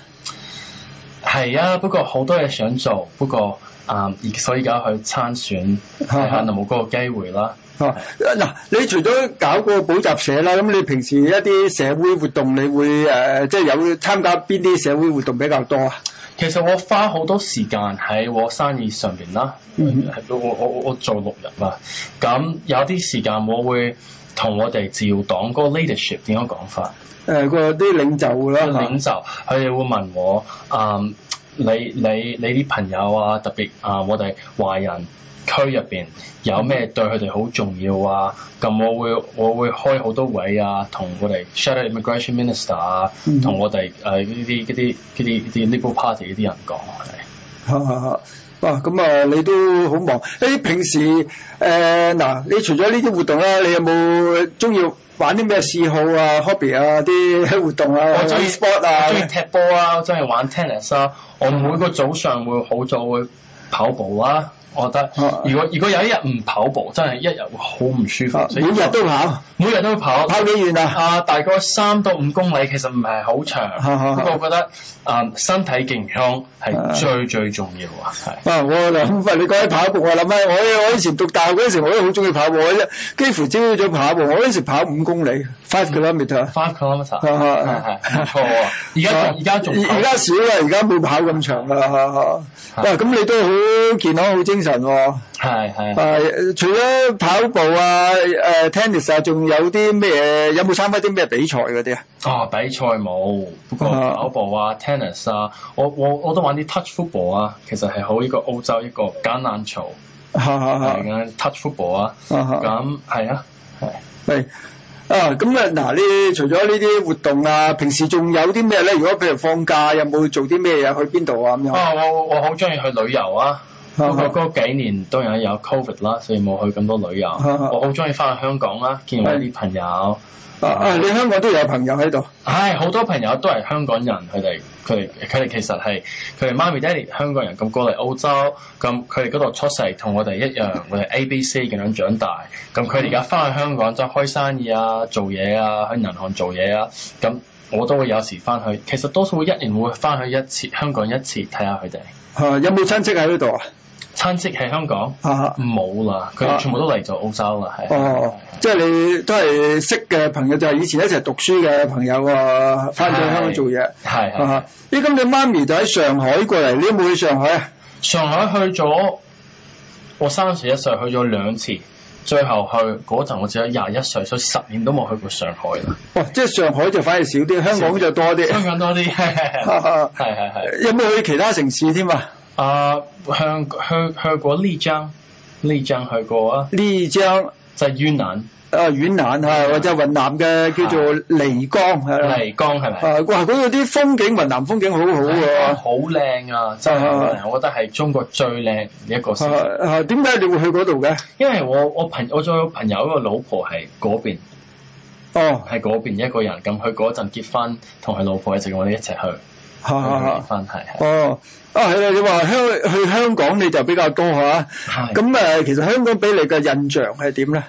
S7: 係啊，啊，不過好多嘢想做，不過。啊！Um, 所以而家去參選，係、啊、可能冇嗰個機會啦。
S1: 嗱、啊啊，你除咗搞個補習社啦，咁你平時一啲社會活動，你會誒、呃，即係有參加邊啲社會活動比較多啊？
S7: 其實我花好多時間喺我生意上邊啦、嗯哼。我我我做六日啦。咁有啲時間我會同我哋自由黨嗰、那個 leadership 點樣講法？誒、啊，個啲領袖啦，領袖，佢哋、啊、會問我啊。嗯。你你你啲朋友啊，特別啊，我哋華人區入邊有咩對佢哋好重要啊？咁、嗯嗯、我會我會開好多位啊，同我哋 Shadow Immigration Minister 啊，同、嗯嗯、我哋誒呢啲嗰啲嗰啲啲 Liberal Party 啲人講
S1: 係。嚇嚇嚇！哇，咁啊，你都好忙誒？平時誒嗱、呃，你除咗呢啲活動啦，你有冇中意？玩啲咩嗜好啊、hobby 啊、啲活動啊，我中意 sport 啊，中意
S7: 踢波啊，中意 [LAUGHS] 玩 tennis 啊。我每個早上會好早去跑步啊。我覺得，如果如果有一日唔跑步，真係一日會好唔舒服。每日都跑，每日都跑，跑幾遠啊？啊，大概三到五公里，其實唔係好長。咁我覺得，啊，身體健康係最最重要
S1: 啊！啊，我諗，因為你講起跑步，我諗翻我，我以前讀大學嗰陣時，我都好中意跑步嘅啫，幾乎朝朝都跑。我嗰陣時跑五公里，five kilometres。five kilometres。
S6: 係係錯啊！而家而家仲，而家少
S1: 啦，而家冇跑咁長啦。喂，咁你都好健康，好精神。係係，誒除咗跑步啊，誒 tennis 啊，仲有啲咩？有冇參加啲咩比賽嗰啲啊？
S7: 哦，比賽冇，不過跑步啊，tennis 啊，我我我都玩啲 touch football 啊，其實係好呢個澳洲依個橄欖球，
S1: 係啊，touch football 啊，咁係啊，係，係啊，咁啊，嗱，呢除咗呢啲活動啊，平時仲有啲咩咧？如果譬如放假，有冇做啲咩嘢？去邊度啊？咁樣啊，我我好中意去
S7: 旅遊啊。我過嗰幾年都有有 COVID 啦，所以冇去咁多旅遊。 我好中意翻去香港啦，啊，見我啲朋友。啊的啊！的你香港都有朋友喺度？係好多朋友都係香港人，佢哋佢哋佢哋其實係佢哋媽咪爹哋香港人咁過嚟澳洲咁，佢哋嗰度出世同我哋一樣， 我哋 A B C 咁樣長大。咁佢哋而家翻去香港就開生意啊，做嘢啊，喺銀行做嘢啊。咁我都會有時翻去，其實多數會一年會翻去一次香港一次睇下佢哋。
S1: 有冇親戚喺呢度啊？
S7: 親戚喺香港冇啦，佢哋全部都嚟咗澳洲啦，
S1: 係。哦，即係你都係識嘅朋友，就係以前一齊讀書嘅朋友啊。翻咗香港做嘢。係
S6: 係。
S1: 咦？咁你媽咪就喺上海過嚟，你有冇去上海啊？上海去咗，我三
S7: 十一歲去咗兩次，最後去嗰陣我只有廿一歲，所以十年都冇去過上海啦。哇！
S1: 即係上海就反而少啲，香港就多啲。香港多啲。係係
S7: 係。有冇去其他城市添啊？啊，去去去過麗江，
S1: 麗江去過啊？麗江就係雲南，誒，雲南係或者雲南嘅叫做麗江係啦。麗江係咪？哇，嗰度啲風景，雲南風景好好喎，
S7: 好靚啊！真係，我覺得係中國最靚嘅一個
S1: 城。誒，點解你會去嗰度嘅？因
S7: 為我我朋我仲有朋友嘅老婆係嗰邊，哦，喺嗰邊一個人。咁佢嗰陣結婚，同佢老婆一齊，我哋一齊去。結婚係。
S1: 哦。啊，係啦，你話香去香港你就比較高嚇，啊，咁誒的、嗯、其實香港俾你嘅印象係點咧？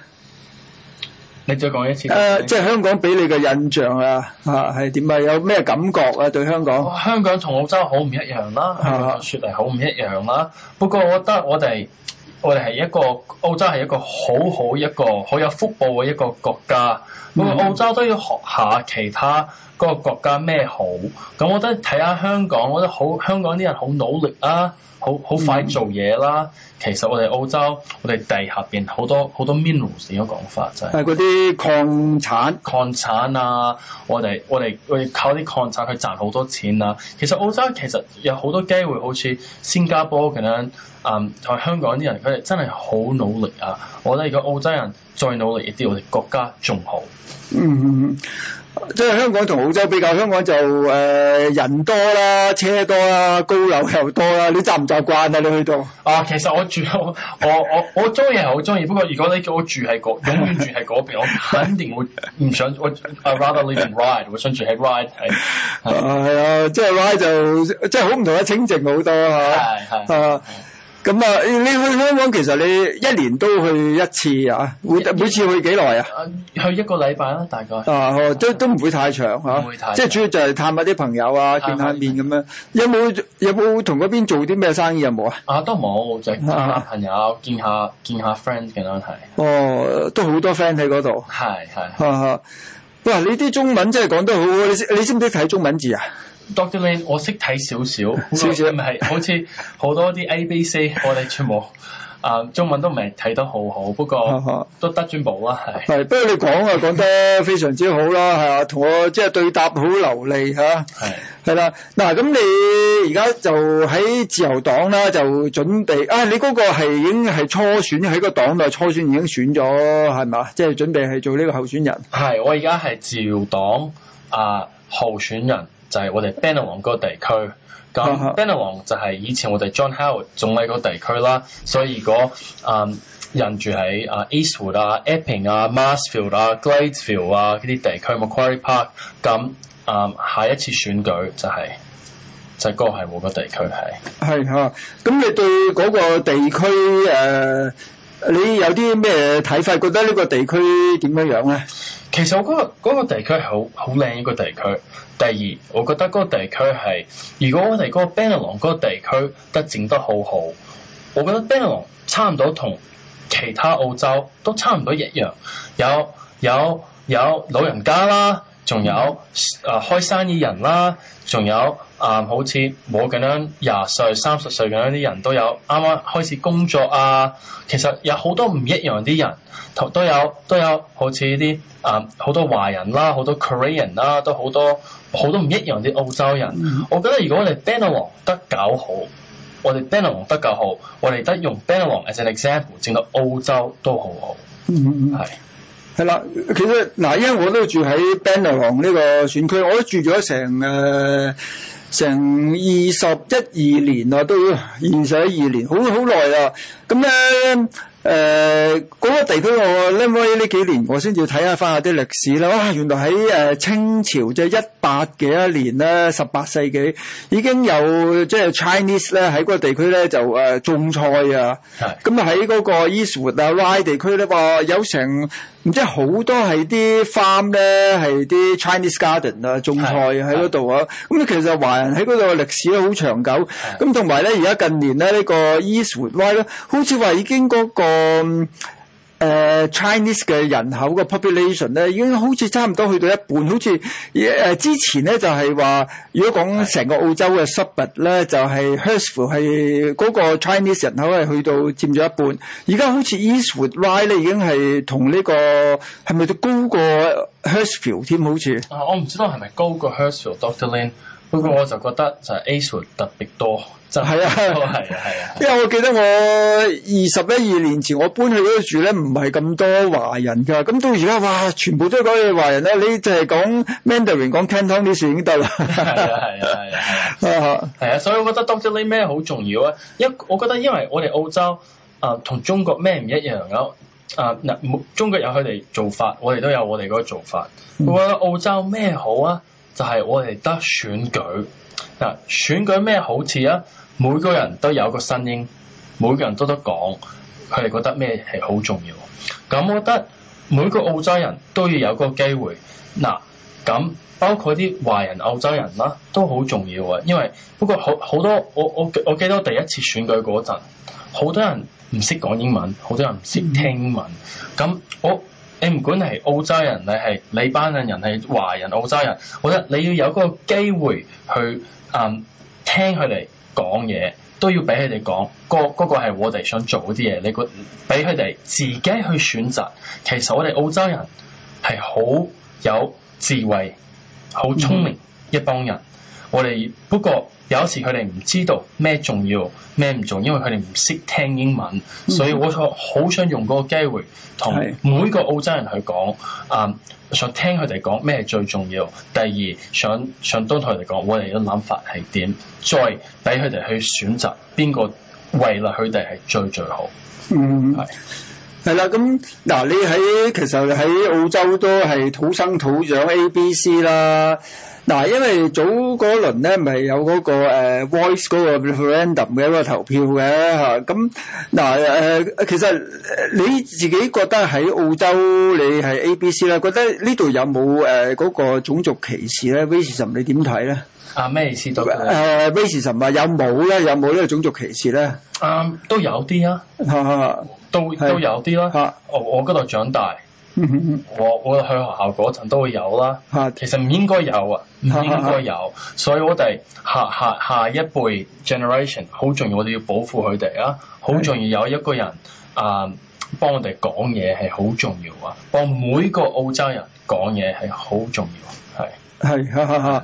S1: 你再講一次誒，呃、即係香港俾你嘅印象啊，嚇係點啊？有咩感覺啊？對香港，啊、香港同澳洲
S7: 好唔一樣啦，啊，說嚟好唔一樣啦，啊。不過我覺得我哋。我哋係一個澳洲，係一個好好一個好有福報嘅一個國家，咁澳洲都要學下其他嗰個國家咩好，咁我覺得睇下香港，我覺得好香港啲人好努力啊，好好快做嘢啦。嗯其實我哋澳洲，我哋地下邊好多好多 mineral 嘅講法就係、係，誒嗰
S1: 啲礦產，礦
S7: 產啊，我哋我哋我哋靠啲礦產去賺好多錢啊。其實澳洲其實有好多機會，好似新加坡咁樣，誒、嗯、同香港啲人，佢哋真係好努力啊。我覺得如果澳洲人再努力一啲，我哋國家仲好。
S6: 嗯。
S1: 即係香港同澳洲比較，香港就誒、呃、人多啦、車多啦、高樓又多啦。你習唔習慣啊？你去到
S7: 啊，其實我住我我我中意係好中意，不過如果你叫我住喺嗰，永遠住喺嗰邊， [LAUGHS] 我肯定會唔想我、I、rather living Ryde，我想住喺 Ryde
S1: 係啊，即係 Ryde 就即係好唔同，清淨好多嚇係係啊。咁啊，你去香港其實你一年都去一次啊？每每次去幾耐啊？
S7: 去一個禮拜啦，大
S1: 概。啊，都都唔會太長嚇。唔會太、啊、即係主要就係探下啲朋友啊，見下面咁樣。有冇有冇同嗰邊做啲咩生意有冇啊？
S7: 啊，都冇，冇見朋友、啊見，見下見下 friend 咁樣係。哦、
S1: 啊，都好多 friend 喺嗰度。係係。嚇嚇！哇、啊，你啲中文真係講得好，你你識唔識睇中文字啊？
S7: Doctor Lin，我識睇少少許，少少唔係好似好多啲 A、B、C，我哋全部啊、呃、中文都唔係睇得好好， [LAUGHS] 不過都得轉步啦。
S1: 係不過你講啊，講得非常之好啦，係同、啊、我即係、就是、對答好流利嚇係係啦。嗱、啊、咁是、啊、你而家就喺自由黨啦，就準備啊？你嗰個係已經係初選喺個黨度初選已經選咗係咪？即係、就是、準備去做呢個候選人
S7: 係我而家係自由黨啊候選人。就係我哋 Bennelong o，個地區，咁 Bennelong 就係以前我哋 John Howard 仲喺個地區啦，所以如果啊、嗯、人住喺、e、啊 Eastwood 啊 Epping 啊 Marsfield 啊 Gladesville 啊嗰啲地區，Macquarie Park，咁啊、嗯、下一次選舉就係、是、就係、是、嗰個係我個地區係
S1: 係啊，咁你對嗰個地區誒，你有啲咩睇法？覺得呢個地區點樣樣咧？其實我覺得
S7: 嗰個地區好好靚一個地區。第二，我覺得嗰個地區係，如果我哋嗰個 Bendalong 嗰個地區得整得好好，我覺得 Bendalong 差唔多同其他澳洲都差唔多一樣，有有有老人家啦，仲有啊開生意人啦，仲有啊好似我咁樣廿歲、三十歲咁樣啲人都有，啱啱開始工作啊，其實有好多唔一樣啲人，同都有都有好似啲。好多華人啦，好多 Korean 啦，都好多好多唔一樣啲澳洲人。嗯、我覺得如果我哋 Bennelong 得搞好，我哋 Bennelong 得搞好，我哋得用 Bennelong as an example 整
S1: 到澳洲都好好。嗯嗯嗯，係、嗯、係是啦。其實嗱，因為我都住喺 Bennelong 呢個選區，我都住咗成誒成二十一二年啦，都要二十一二年，好好耐啊。咁咧。誒嗰、呃那個地區我呢？呢幾年我先至睇下翻下啲歷史啦。哇，原來喺誒、呃、清朝即係、就是、一八幾一年咧，十、啊、八世紀已經有即係、就是、Chinese 咧喺嗰個地區咧就誒、呃、種菜的、嗯 e、wood，啊。咁啊喺嗰個 Eastwood 啊 West Ryde 地區咧話有成。即係好多係啲 farm 咧，係啲 Chinese garden 啊，種菜喺嗰度啊。咁其實華人喺嗰度嘅歷史咧好長久。咁同埋咧，而家近年咧呢個 Eastwood Way 咧，好似話已經嗰個。誒、uh, Chinese 嘅人口嘅 population 咧，已經好似差唔多去到一半，好似誒之前咧就係、是、話如果講成個澳洲嘅 suburb 咧，就係 Hurstville 係嗰個 Chinese 人口係去到占咗一半，而家好似 Eastwood r i 咧已經係同呢、這個係咪都高過 Hurstville 添？好似
S7: 啊，我唔知道係咪高過 Hurstville，Doctor Lin，不過、嗯、我就覺得就係 Eastwood 特別多。就係啊，係啊，
S1: 係啊！因為我記得我二十一二年前我搬去嗰度住咧，唔係咁多華人㗎。咁到而家哇，全部都講嘢華人咧。你就係講 Mandarin，講 Canton 啲事已經得啦。係啊，係啊，係
S7: 啊，係 [LAUGHS] 啊。係啊，所以我覺得當中啲咩好重要啊。因，我覺得因為我哋澳洲啊，同、呃、中國咩唔一樣㗎？啊，嗱，中國有佢哋做法，我哋都有我哋嗰個做法。嗯、我覺得澳洲咩好啊？就係、是、我哋得選舉嗱、呃，選舉咩好似啊？每個人都有個聲音，每個人都得講，佢哋覺得咩係好重要。咁我覺得每個澳洲人都要有個機會。嗱，咁包括啲華人澳洲人啦、啊，都好重要啊。因為不過好好多，我我我記得我第一次選舉嗰陣，好多人唔識講英文，好多人唔識聽英文。咁我你唔管你係澳洲人，你係你班嘅人，人，係華人澳洲人，我覺得你要有個機會去嗯聽佢哋。講嘢都要俾佢哋講，嗰、嗰、嗰個係、嗰個、我哋想做啲嘢，你個俾佢哋自己去選擇。其實我哋澳洲人係好有智慧、好聰明一幫人，嗯、我哋不過有時佢哋唔知道咩重要。咩唔重要？因為佢哋唔識聽英文，嗯、所以我好想用嗰個機會，同每個澳洲人去講，啊是，嗯、想聽佢哋講咩最重要。第二，想想多同佢哋講，我哋嘅諗法係點，再俾佢哋去選擇邊個，為了佢哋係最最好。嗯，
S1: 係是，係啦。咁嗱，你喺其實喺澳洲都係土生土長 ABC 啦。嗱，因為早嗰輪咧，咪有嗰個誒 Voice 嗰個 Referendum 嘅一個投票嘅嚇，咁嗱誒，其實你自己覺得喺澳洲你係 ABC 啦，覺得呢度有冇誒嗰個種族歧視咧？Racism，你點睇咧？啊，咩意思特別？誒，Racism 話有冇咧？有冇呢個種族歧視咧？
S7: 啊，都有啲啊，嚇嚇，都都有啲咯。嚇，我我嗰度長大。 [LAUGHS] 我我去學校嗰陣都會有啦，其實唔應該有啊，唔應該有，該有 [LAUGHS] 所以我哋下下下一輩 generation 好重要，我哋要保護佢哋啊，好重要。有一個人啊，幫我哋講嘢係好重要啊，幫每個澳洲人講嘢係
S1: 好重要，係係，係係係啊。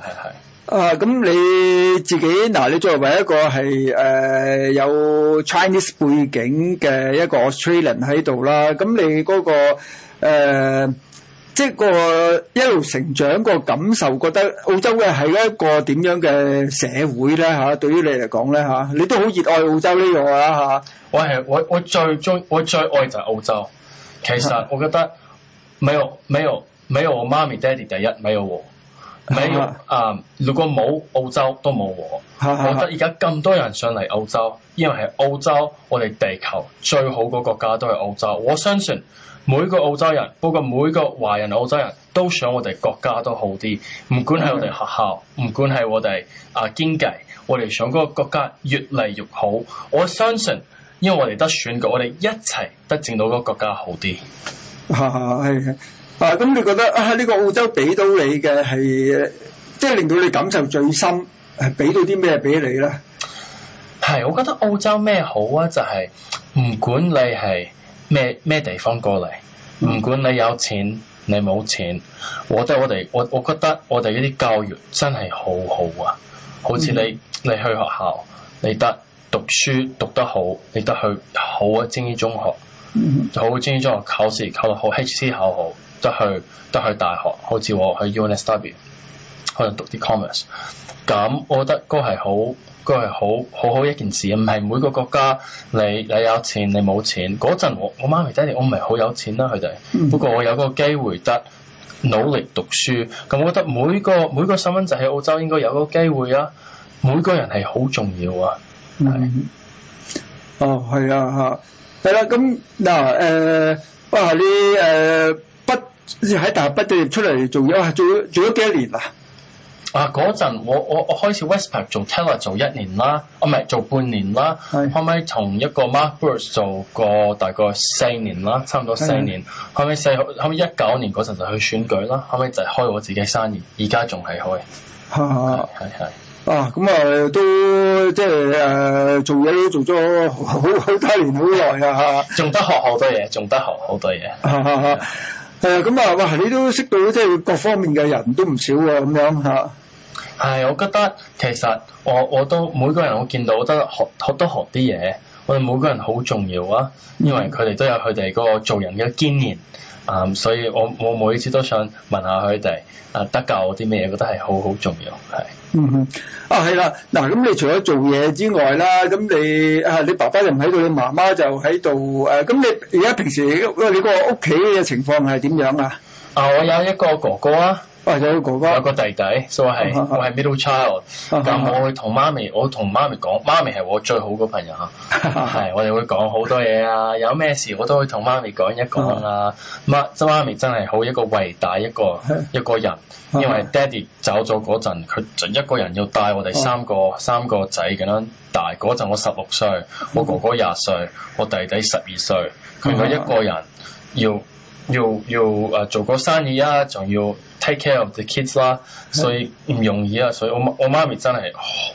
S1: 咁你自己嗱、啊，你作為一個係誒、呃、有 Chinese 背景嘅一個 Australian 喺度啦，咁你嗰、嗰個。誒、呃，即係個一路成長個感受，覺得澳洲嘅係一個點樣嘅社會咧吓、啊？對於你嚟講咧吓，你都好熱愛澳洲呢樣啊吓、啊。我係我我最中我最
S7: 愛就係澳洲。其實我覺得，冇、冇、冇我媽咪爹哋第一，冇我、
S6: 冇
S7: 啊。如果冇澳洲，都冇我。啊、我覺得而家咁多人上嚟澳洲，因為係澳洲，我哋地球最好嗰個國家都係澳洲。我相信。每個澳洲人，包括每個華人澳洲人都想我哋國家都好啲。唔管係我哋學校，唔的管係我哋啊經濟，我哋想嗰個國家越嚟越好。我相信，因為我哋得選舉，我哋一齊得整到嗰個國家好啲。
S1: 係啊，咁，啊，你覺得喺呢個澳洲俾到你嘅係，即係令到你感受最深係俾到啲咩俾你咧？係，我覺得澳洲咩好啊？就係唔管你係。嗯
S7: 咩咩地方過嚟？唔管你有錢，你冇錢，我覺得我哋我我覺得我哋嗰啲教育真係好好啊！好似你你去學校，你得讀書讀得好，你得去好嘅精英中學，好嘅精英中學考試考得好，HC 考好，得去得去大學，好似我去 UNSW 可能讀啲 commerce，咁我覺得都係好。佢係好好好一件事，唔係每個國家你你有錢，你冇錢嗰陣，我我媽咪爹哋，我唔係好有錢啦、啊，佢哋。嗯、哼不過我有個機會得努力讀書，咁我覺得每個每個細蚊仔喺澳洲應該有個機會啊！每個人係好
S1: 重要啊！
S6: 嗯，
S1: 哦，係啊嚇，係啦。咁嗱誒，哇你誒畢喺大學畢業出嚟做咗做咗幾多年啊？
S7: 啊！嗰陣我我我開始 Westpac 做 Teller 做一年啦，啊唔係做半年啦，後屘同一個 Mark Booth 做過大概四年啦，差唔多四年，後屘的四後屘一九年嗰陣就去選舉啦，後屘就開我自己生意，而家仲係開。係係。
S1: 啊咁啊，都即係誒做嘢都做咗好好多年好耐啊！仲得學好多嘢，仲得的
S7: 學好多嘢。
S1: 係咁的啊，哇！你都識到即係各方面嘅人都唔少啊，咁樣嚇、啊。
S7: 係，我覺得其實我我都每個人我見到，我都學學都學啲嘢。我哋每個人好重要啊，因為佢哋都有佢哋嗰個做人嘅經驗。嗯，所以我我每次都想問下佢哋，啊得教我啲咩嘢？覺得係好好重要。係。
S1: 嗯哼。啊，係啦，嗱，咁你除咗做嘢之外啦，咁你啊，你爸爸又唔喺度，你媽媽就喺度。誒、啊，咁你而家平時你個屋企嘅情況係點樣啊？
S7: 啊，我有一個哥哥啊。我、哎、有個哥哥，有個弟弟，所以係 [MUSIC] 我係 middle child。咁 [MUSIC] 我會同媽咪，我同媽咪講，媽咪係我最好嘅朋友嚇。係， [LAUGHS] 我哋會講好多嘢啊！有咩事我都會同媽咪講一講啦。媽，真 [NOISE] 媽樂咪真係好一個偉大一個 [MUSIC] 一個人，因為爹哋走咗嗰陣，佢就一個人要帶我哋三個 [MUSIC] 三個仔咁樣大。嗰陣我十六歲，我哥哥廿歲，我弟弟十二歲，佢一個人要。 [MUSIC] [MUSIC] 要要誒做個生意啊，仲要 take care of the kids 啦，嗯、所以唔容易啊。所以我媽我媽咪真係好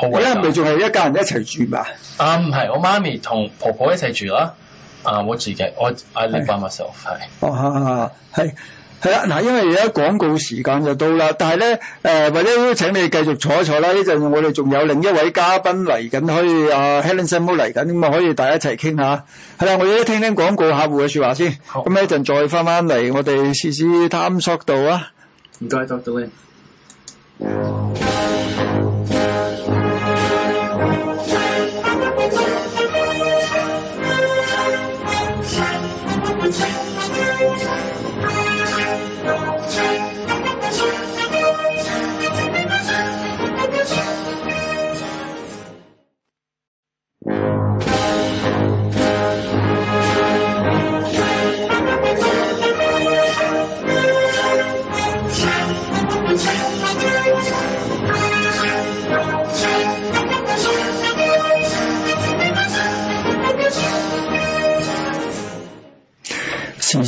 S1: 好為難。你係咪仲係一家人一齊住，嗯、住啊？
S7: 啊，唔係我媽咪同婆婆一齊住啦。啊，我自己我 live by myself，就
S1: 係。哦是，係、啊。係啦，嗱，因為而家廣告時間就到啦，但係咧，誒或者邀請你繼續坐一坐啦。呢陣我哋仲有另一位嘉賓嚟緊，可以啊 Helen Simo 嚟緊，咁啊可以大家一齊傾下。係啦，我哋都聽聽廣告客戶嘅説話先，咁咧一陣再翻翻嚟，我哋試試探索到啊。
S7: 唔該，多謝你。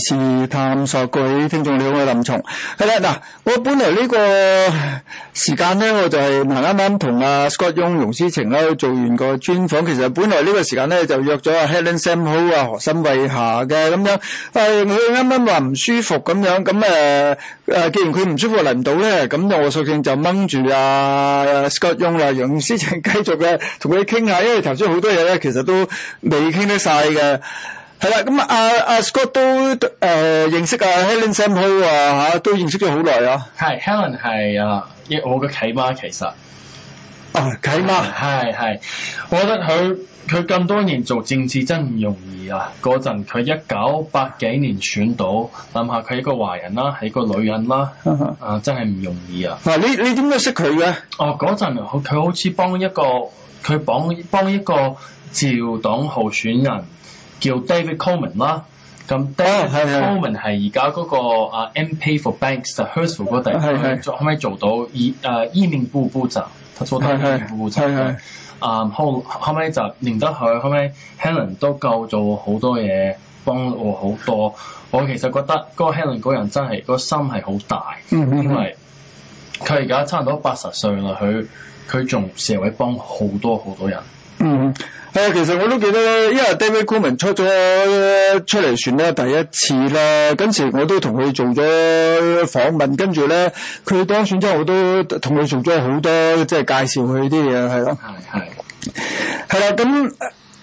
S1: 時事探索，各位聽眾你好，我係林松係啦，嗱，我本來呢個時間咧，我就係嗱啱啱同阿 Scott Yung、容思程啦做完個專訪，其實本來呢個時間咧就約咗阿 Helen Sam Ho 啊、何心慧下嘅咁樣，誒，佢啱啱話唔舒服咁樣，咁誒誒，既然佢唔舒服嚟唔到咧，咁我索性就掹住阿 Scott Yung 啦、容思程繼續嘅同佢哋傾下，因為頭先好多嘢咧，其實都未傾得晒嘅。係啦，咁啊，阿阿 Scott 都誒、呃、認識啊，Helen Sham-Ho 啊嚇，都認識咗好耐咯。
S7: 係，Helen 係啊，亦、啊、我嘅契媽其實。
S1: 哦、啊，
S7: 契、啊、媽係係，我覺得佢佢咁多年做政治真唔容易啊。嗰陣佢一九八幾年選到，諗下佢一個華人啦、啊，係個女人啦、啊，uh huh. 啊真係唔容易啊。嗱，你你點解識佢嘅？哦、啊，嗰陣佢好似幫一個佢幫幫一個朝黨候選人。叫 David Coleman 啦，咁 David、oh, yes, yes, Coleman 係而家嗰個啊、uh, MP for Banks the、uh, Hurstville 嗰地方，後尾 yes, yes, 做到伊啊、uh, 移民部部長，做移民部部長。啊後後尾就認得佢，後尾 Helen 都教咗好多嘢，幫我好多。我其實覺得嗰 Helen 嗰人真係、個心係好大，嗯、因為佢而家差唔多八十歲啦，佢佢仲成日會幫好多好多好多人。
S1: 嗯係其實我都記得，因為 David Coleman 出咗出嚟選咧，第一次啦。跟住我都同佢做咗訪問，跟住咧佢當選之後，我都同佢做咗好多即係介紹佢啲嘢係咯。係係。係啦，咁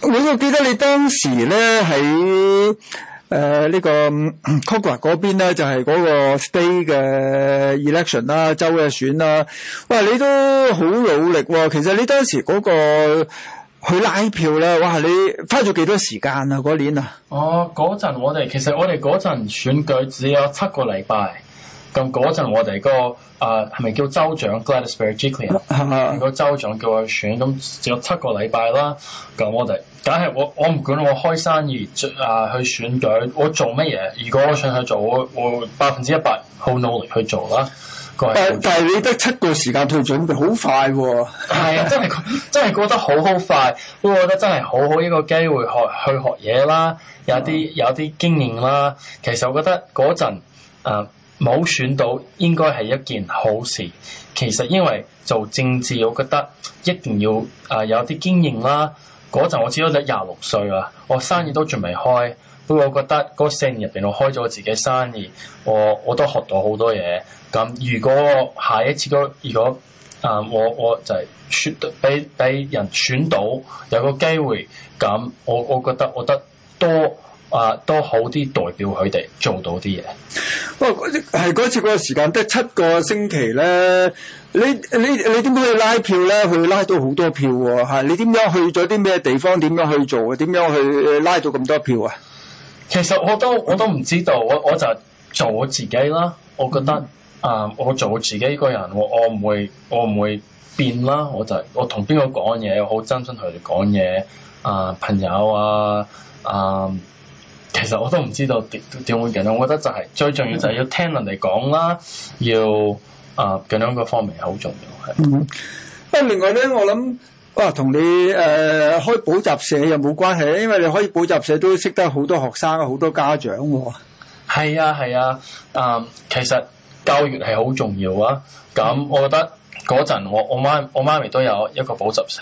S1: 我都記得你當時咧喺誒呢、呃這個 Kogarah 嗰邊咧，就係、是、嗰個 state 嘅 election 啦，州嘅選啦、啊。哇，你都好努力喎、哦！其實你當時嗰、那個。去拉票啦！哇，你花咗幾多時間啊？嗰年啊，
S6: 哦，
S7: 嗰陣我哋其實我哋嗰陣選舉只有七個禮拜。咁嗰陣我哋個誒係咪叫州長 Gladys Berejiklian 係咪？個州長叫我去選，咁只有七個禮拜啦。咁我哋梗係我我唔管我開生意去啊去選舉，我做乜嘢？如果我想去做，我我百分之一百好努力去做啦。但
S1: 但你得七個時間退準備，好快喎。 [LAUGHS]
S7: 係啊，真係真係覺得好好快。我覺得真係好好一個機會學，學去學嘢啦，有啲有啲經驗啦。其實我覺得嗰陣冇選到，應該係一件好事。其實因為做政治，我覺得一定要誒、呃、有啲經驗啦。嗰陣我始終得廿六歲啊，我生意都仲未開。不過我覺得嗰四年入邊，我開咗自己生意，我我都學到好多嘢。咁如果下一次如果啊、嗯、我我就係選，俾俾人選到有個機會。咁，我我覺得我得多啊多好啲代表佢哋做到啲嘢。
S1: 哇！係嗰次嗰個時間得七個星期咧，你你你點樣去拉票咧？去拉到好多票喎嚇！你點樣去咗啲咩地方？點樣去做啊？點樣去拉到咁多票啊？其實我都我都唔知道，我我就做我自己啦。我覺得。啊
S7: ！Uh, 我做我自己一個人，我唔會，我唔會變啦。我就係、是、我同邊個講嘢，好真心同佢哋講嘢。啊，朋友啊，啊，其實我都唔知道點點會咁樣。我覺得就係、是、最重要，就係要聽人哋講啦。要啊，咁樣個方面係好重要
S1: 嘅、嗯。另外咧，我諗啊，同你誒、呃、開補習社又冇關係，因為你可以補習社都識得好多學生、好多家長喎。
S7: 係啊，係啊。啊、嗯，其實。教育係好重要啊！咁我覺得嗰陣我我媽我媽咪都有一個補習社，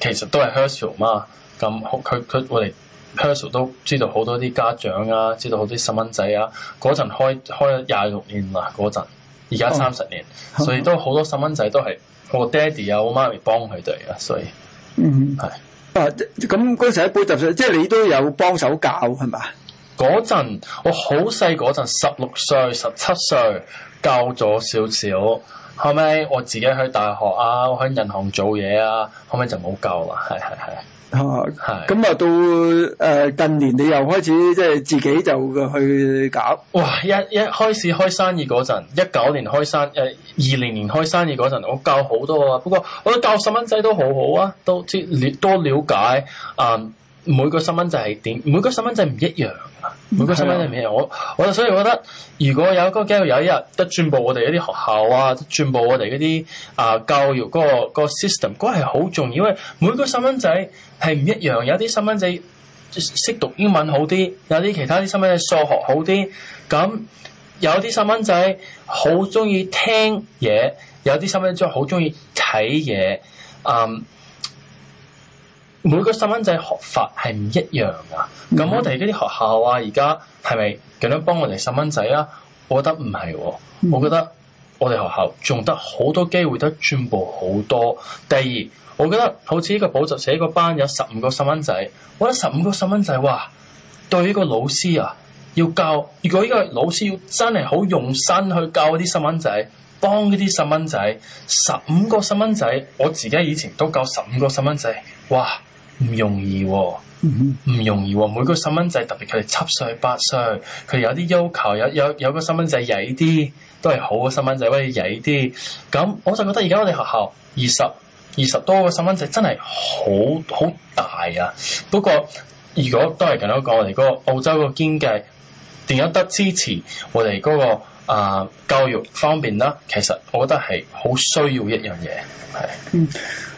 S7: 其實都係 her school 嘛。咁佢佢我哋 her school 都知道好多啲家長啊，知道好多啲細蚊仔啊。嗰陣開開廿六年啦，嗰陣而家三十年，所以都好多細蚊仔都係我爹哋啊，我媽咪幫佢哋啊，所以是嗯係啊咁嗰陣喺補習社，即係你都有幫手教係咪？嗰陣我好細嗰陣，十六歲十七歲。教咗少少，後尾我自己去大學啊，我喺銀行做嘢啊，後尾就冇教啦，係係係，
S1: 係。咁啊到誒近年你又開始即係自己就去搞哇，
S7: 一一開始開生意嗰陣，一九年開生誒二零年開生意嗰陣，我教好多啊，不過我覺得教細蚊仔都好好啊，都知了多了解啊。嗯每個細蚊仔係點？每個細蚊仔唔一樣、嗯、
S6: 每個細蚊仔唔
S7: 一樣。我我就所以覺得，如果有個機會有一日得轉步我哋一啲學校啊，轉步我哋一啲啊、呃、教育嗰、嗰個、嗰個 system，嗰係好重要。因為每個細蚊仔係唔一樣，有啲細蚊仔識讀英文好啲，有啲其他啲細蚊仔數學好啲。咁有啲細蚊仔好中意聽嘢，有啲細蚊仔好中意睇嘢。嗯。每個細蚊仔學法係唔一樣噶，咁我哋嗰啲學校啊，而家係咪咁樣幫我哋細蚊仔啊？我覺得唔係喎，我覺得我哋學校仲得好多機會得進步好多。第二，我覺得好似呢個補習社個班有十五個細蚊仔，我覺得十五個細蚊仔哇，對呢個老師啊，要教，如果呢個老師要真係好用心去教啲細蚊仔，幫嗰啲細蚊仔，十五個細蚊仔，我自己以前都教十五個細蚊仔，哇！唔容易喎、哦，唔容易喎、哦。每個細蚊仔，特別佢哋七歲八歲，佢有啲要求，有有有個細蚊仔曳啲都係好嘅細蚊仔，可以曳啲。咁我就覺得而家我哋學校二十二十多個細蚊仔真係好好大啊！不過如果都係咁樣講我哋嗰個澳洲個經濟點樣得支持我哋嗰、那個啊、呃、教育方面啦，其實我覺得係好需要一樣嘢，係嗯。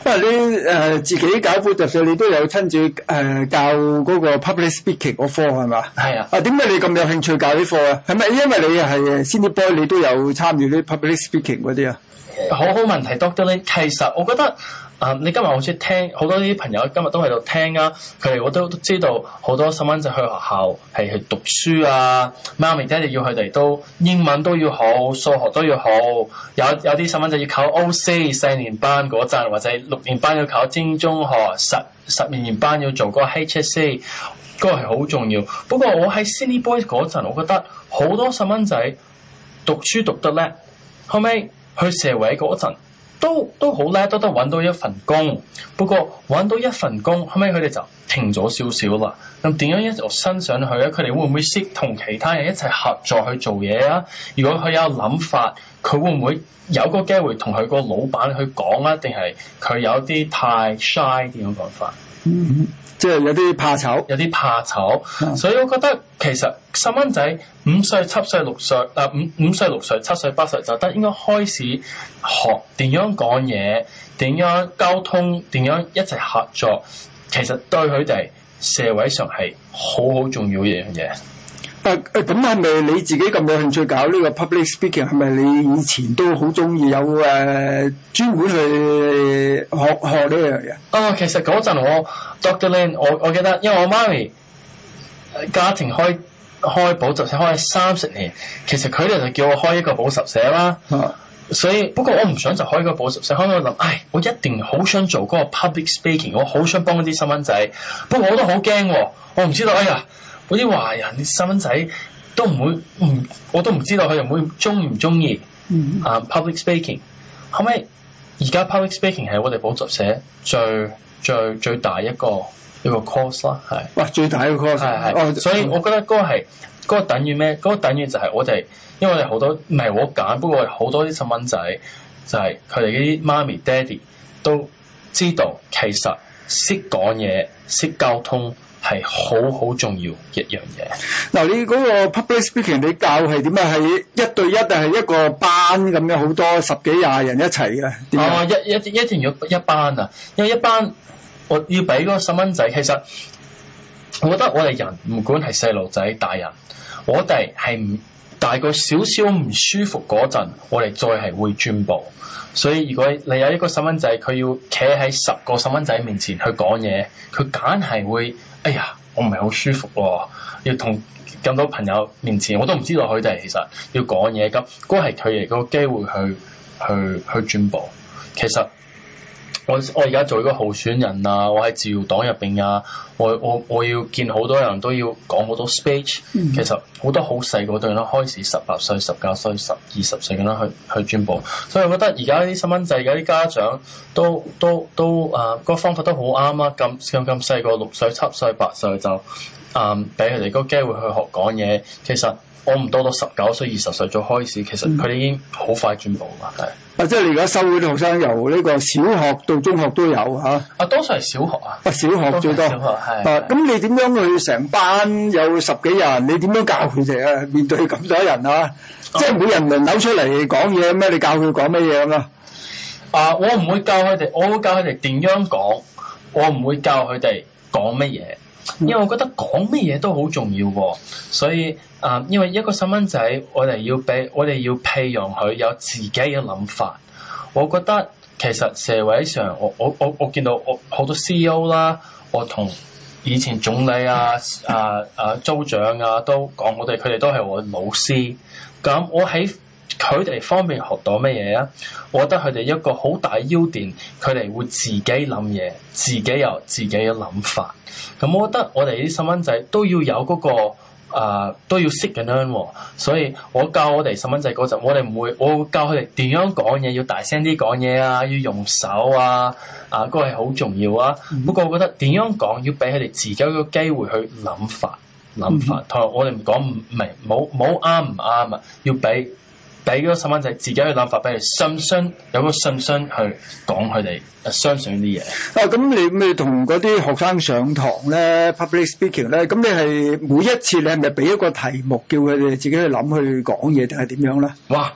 S6: 不、啊，你誒、呃、
S1: 自己搞補習社，你都有親自誒、呃、教嗰個 public speaking 嗰科係嘛？係啊。啊，點解你咁有興趣教啲課啊？係咪因為你係 Sydney Boys，你都有參與啲 public speaking 嗰啲啊？嗯、
S7: 好好問題，Doctor 咧，Lin, 其實我覺得。Uh, 你今日好似意聽好多啲朋友今日都喺度聽啊！佢哋我都知道好多細蚊仔去學校係去讀書啊！媽咪爹哋要佢哋都英文都要好，數學都要好。有有啲細蚊仔要考 O C，四年班嗰陣或者六年班要考精英中學，十十二年班要做嗰個 H S C，嗰個係好重要。不過我喺 Sydney Boys 嗰陣，我覺得好多細蚊仔讀書讀得叻，後尾去社會嗰陣。都都好叻，都得揾到一份工。不過揾到一份工，後尾佢哋就停咗少少啦。咁點樣一路升上去咧？佢哋會唔會識同其他人一齊合作去做嘢啊？如果佢有諗法，佢會唔會有個機會同佢個老闆去講啊？定係佢有啲太 shy 點樣講法？嗯、mm。Hmm. 即係有啲怕醜，有啲怕醜，嗯、所以我覺得其實細蚊仔五歲七歲六歲，啊五五歲六歲七歲八歲、歲、歲就得應該開始學點樣講嘢，點樣交通，點樣一齊合作，其實對佢哋社會上係好好重要一樣嘢。
S1: 誒咁係咪你自己咁有興趣搞呢個 public speaking？係咪你以前都好中意有誒、呃、專門去學學呢
S7: 樣嘢？哦，其實嗰陣我 doctor Lin 我我記得，因為我媽咪家庭開開補習社開三十年，其實佢哋就叫我開一個補習社啦。啊、所以不過我唔想就開個補習社，開我諗，唉，我一定好想做嗰個 public speaking，我好想幫啲新民仔，不過我都好驚喎，我唔知道，哎呀～嗰啲華人細蚊仔都唔會，唔我都唔知道佢有冇鍾唔鍾意啊？Mm hmm. uh, public speaking，後尾而家 public speaking 係我哋補習社最最最大一個一個 course 啦，係。哇！最大一個，一個 course，係係。所以我覺得嗰個係嗰個等於咩？嗰個等於就係我哋，因為我哋好多唔係我揀，不過好多啲細蚊仔就係佢哋啲媽咪、爹哋都知道，其實識講嘢、識溝通。係好好重要一樣嘢。
S1: 嗱、啊，你嗰個 public speaking 你教係點啊？係一對一定係一個班咁樣好多十幾廿人一齊嘅？哦、啊，一
S7: 一一定要一,一,一班啊，因為一班我要俾嗰個細蚊仔，其實我覺得我哋人唔管係細路仔大人，我哋係唔，大個少少唔舒服嗰陣，我哋再係會進步。所以如果你有一個細蚊仔，佢要企喺十個細蚊仔面前去講嘢，佢梗係會，哎呀，我唔係好舒服喎、哦，要同咁多朋友面前，我都唔知道佢哋其實要講嘢咁，嗰個係佢哋個機會去去去進步，其實。我我而家做一個候選人啊！我喺自由黨入邊啊！我我我要見好多人都要講好多 speech。Mm. 其實好多好細個都開始歲，十八歲、十九歲、十二十歲咁樣去去宣布。所以我覺得而家啲細蚊仔，而家啲家長都都都啊，個方法都好啱啊！咁咁咁細個六歲、七歲、八歲就啊，俾佢哋個機會去學講嘢。其實。我唔多到十九歲、二十歲再開始，其實佢哋已經好快進步啦。
S1: 係啊，即係你而家收嗰啲學生，由呢個小學到中學都有嚇。啊，多數係小學啊。啊，小學最多。多數係小學係。啊，咁你點樣去成班有十幾人？你點樣教佢哋啊？面對咁多人啊，即係每人輪流出嚟講嘢咩？你教佢講乜嘢啊？啊，我唔會教佢哋，我會教佢哋點樣講。
S7: 我唔會教佢哋講乜嘢。因為我覺得講乜嘢都好重要喎，哦，所以啊，呃，因為一個細蚊仔，我哋要俾我哋要培養佢有自己嘅諗法。我覺得其實社會上，我我我我見到我好多 CEO 啦，我同以前總理啊啊啊州長啊都講，都我哋佢哋都係我老師。咁，嗯，我喺佢哋方便學到乜嘢啊？我覺得佢哋一個好大優點，佢哋會自己諗嘢，自己有自己嘅諗法。咁、嗯、我覺得我哋啲細蚊仔都要有嗰、嗰個啊，都要識嘅呢。所以我教我哋細蚊仔嗰陣，我哋唔會我教佢哋點樣講嘢，要大聲啲講嘢啊，要用手啊啊，嗰係好重要啊。嗯、不過我覺得點樣講要俾佢哋自己嘅機會去諗法
S2: 諗法，法嗯、
S7: 同埋我哋唔講唔明，冇冇啱唔啱啊？要俾。俾嗰個細蚊仔自己嘅諗法，俾佢信心，有個信心去講佢哋，相信啲嘢。
S1: 啊，咁你咪同嗰啲學生上堂咧，public speaking 咧，咁你係每一次你係咪俾一個題目叫佢哋自己去諗去講嘢定係點樣咧？哇！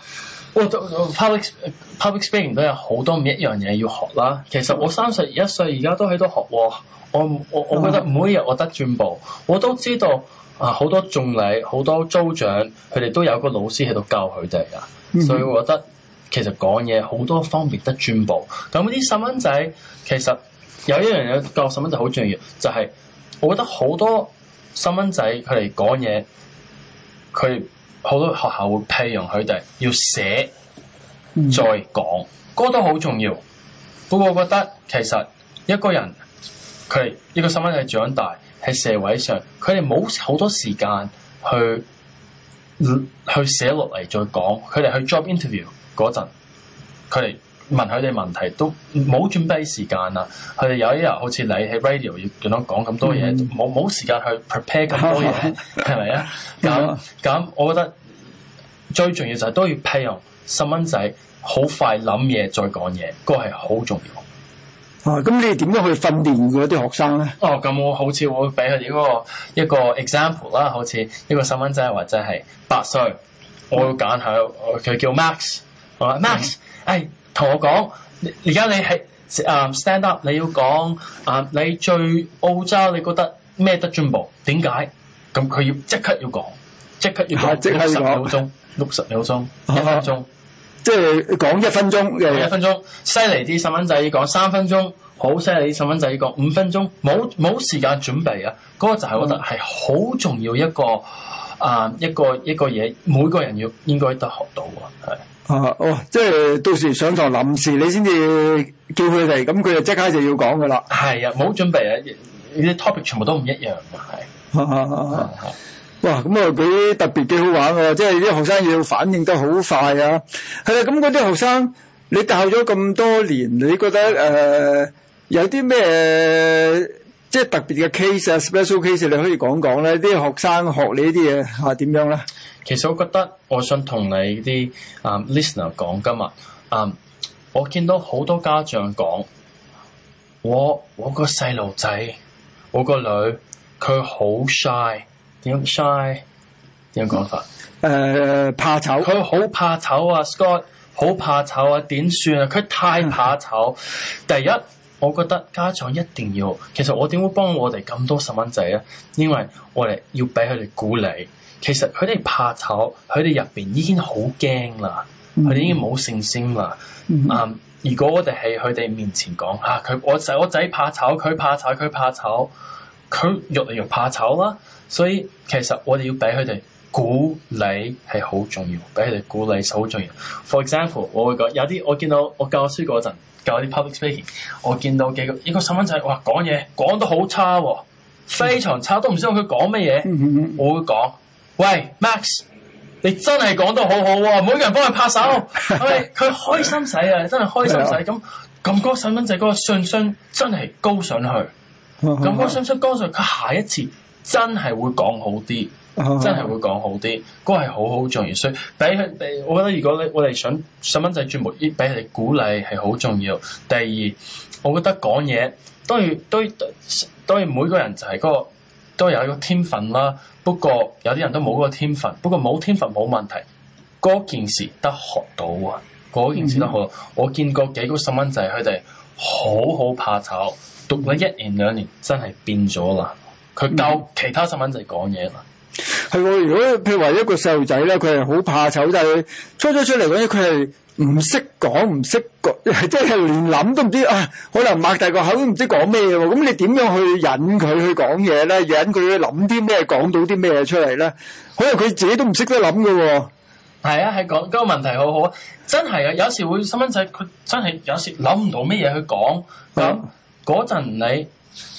S1: 我，我
S7: public public speaking 都有好多唔一樣嘢要學啦。其實我三十一歲而家都喺度學，我我我覺得每日我得進步，嗯、我都知道。啊！好多眾禮，好多州長，佢哋都有個老師喺度教佢哋噶，mm hmm. 所以我覺得其實講嘢好多方面得進步。咁啲細蚊仔其實有一樣嘢教細蚊仔好重要，就係、是、我覺得好多細蚊仔佢哋講嘢，佢好多學校會培養佢哋要寫、mm hmm. 再講，嗰、那個、都好重要。不過我覺得其實一個人佢一個細蚊仔長大。喺社會上，佢哋冇好多時間去去寫落嚟再講，佢哋去 job interview 嗰陣，佢哋問佢哋問題都冇準備時間啊！佢哋有一日好似你喺 radio 要點樣講咁多嘢，冇冇、嗯、時間去 prepare 咁多嘢，係咪啊？咁咁， [LAUGHS] 我覺得最重要就係都要培養細蚊仔好快諗嘢再講嘢，嗰係好重要。
S1: 咁、啊、你哋點樣去訓練嗰啲學生咧？
S7: 哦，咁我好似會俾佢哋一個一個 example 啦，好似一個細蚊仔或者係八歲，我要揀下佢、嗯、叫 Max，係嘛、嗯啊？Max，誒、哎，同我講，而家你係啊、um，stand up，你要講啊，um, 你最澳洲你覺得咩得進步？點解？咁佢要即刻要講，即刻要講，啊、即刻十秒鐘，六十秒鐘，一分、啊啊、鐘。即係講一分鐘，又、嗯、有一分鐘，犀利啲細蚊仔要講三分鐘，好犀利啲細蚊仔要講五分鐘，冇冇時間準備啊！嗰、那個就係我覺得係好重要一個、嗯、啊，一個一個嘢，每個人要應該都學到係、
S6: 啊啊。哦，
S1: 即係到時上堂臨時你先至叫佢哋，咁佢就即刻就要講噶啦。
S7: 係、嗯、啊，冇準備啊，呢啲 topic 全部都唔一樣係、啊。
S1: 哇！咁啊，佢特別幾好玩喎，即係啲學生要反應得好快啊。係啊，咁嗰啲學生，你教咗咁多年，你覺得誒、呃、有啲咩、呃、即係特別嘅 case 啊，special case 你可以講講咧？啲學生學你啲嘢係點樣咧？其實我覺得
S7: 我想同你啲啊、um, listener 講今日啊，um, 我見到好多家長講我我個細路仔，我個女佢好 shy。點樣嘥？點樣講法？誒、嗯呃，怕醜，佢好怕醜啊。Scott 好怕醜啊，點算啊？佢太怕醜。嗯、第一，我覺得家長一定要。其實我點會幫我哋咁多細蚊仔啊？因為我哋要俾佢哋鼓勵。其實佢哋怕醜，佢哋入邊已經好驚啦，佢哋、嗯、已經冇信心啦。啊，如果我哋喺佢哋面前講吓佢，我仔我仔怕醜，佢怕醜，佢怕醜，佢越嚟越怕醜啦。所以其實我哋要俾佢哋鼓勵係好重要，俾佢哋鼓勵係好重要。For example，我會講有啲我見到我教我書嗰陣教啲 public speaking，我見到幾個一個細蚊仔哇講嘢講得好差、哦，非常差，都唔知道佢講乜嘢。 [LAUGHS] 我會講喂 Max，你真係講得好好、哦、喎，每個人幫佢拍手，佢佢、 [LAUGHS] 哎、開心曬啊，真係開心曬咁。咁嗰、 [LAUGHS] 嗰個細蚊仔嗰個信心真係高上去，咁嗰 [LAUGHS] 個信心高上佢下一次。真係會講好啲，oh、真係會講好啲，嗰個係好好重要。所以，第一，我覺得如果你我哋想細蚊仔專門，俾佢哋鼓勵係好重要。第二，我覺得講嘢當然當然然每個人就係嗰、嗰個都有一個天分啦。不過有啲人都冇嗰個天分，不過冇天分冇問題。嗰件事得學到啊，嗰件事得學到。嗯、我見過幾個細蚊仔，佢哋好好怕醜，讀咗一年兩年，真係變咗啦。佢教其他細蚊仔講嘢啊嘛，
S1: 係喎。如果譬如話一個細路仔咧，佢係好怕醜，但係初初出嚟咧，佢係唔識講、唔識講，即係連諗都唔知啊。可能擘大個口都唔知講咩喎。咁你點樣去引佢去講嘢咧？引佢去諗啲咩講到啲咩出嚟咧？可能佢自己都唔識得諗嘅喎。
S7: 係啊，係講嗰、嗰個問題好好，真係啊。有時會細蚊仔佢真係有時諗唔到咩嘢去講，咁嗰陣你。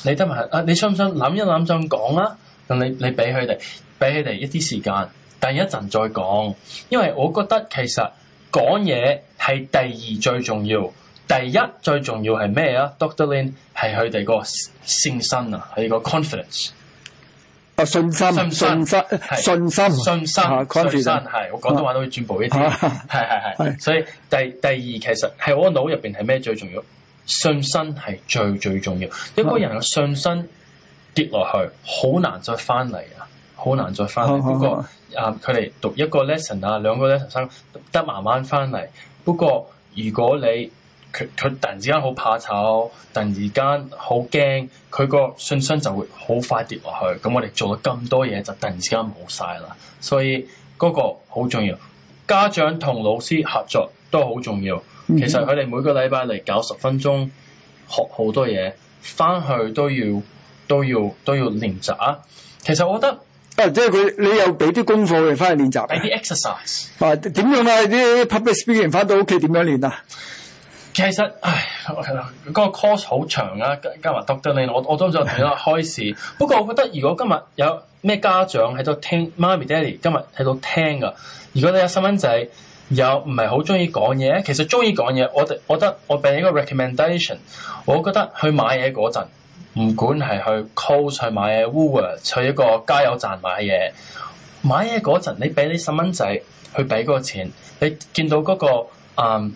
S7: 你得埋啊！你想唔想諗一諗就咁講啦？咁你你俾佢哋俾佢哋一啲時間，等一陣再講。因為我覺得其實講嘢係第二最重要，第一最重要係咩啊？Doctor Lin 係佢哋個信心啊，係個 confidence 啊，信心，信心，信心，信心信心。confidence 係我廣東話都可以轉報呢啲。係係係。所以第第二其實係我腦入邊係咩最重要？信心係最最重要，一個人嘅信心跌落去，好難再翻嚟啊！好難再翻嚟。好不過啊，佢哋、嗯、讀一個 lesson 啊，兩個 lesson 得、啊、慢慢翻嚟。不過如果你佢佢突然之間好怕醜，突然間好驚，佢個信心就會好快跌落去。咁我哋做咗咁多嘢，就突然之間冇晒啦。所以嗰個好重要，家長同老師合作都好重要。其實佢哋每個禮拜嚟搞十分鐘，學好多嘢，翻去都要都要都要練習啊！其實我覺得，啊，即係佢你
S1: 又俾啲功課嘅翻去練習，
S7: 俾啲 exercise。
S1: 啊，點樣，speaking，樣啊？啲 public speaking 翻到屋企點樣練啊？
S7: 其實，唉，嗰、嗰個 course 好長啊，加埋 doctor 你，我都我都想點啊開始。 [LAUGHS] 不過我覺得，如果今日有咩家長喺度聽，媽咪爹哋今日喺度聽噶，如果你有細蚊仔。又唔係好中意講嘢，其實中意講嘢。我哋覺得我俾你一個 recommendation，我覺得去買嘢嗰陣，唔管係去 Coles 去買嘢、Woolworths 去一個加油站買嘢，買嘢嗰陣你俾你細蚊仔去俾嗰個錢，你見到嗰、嗰個嗯、um，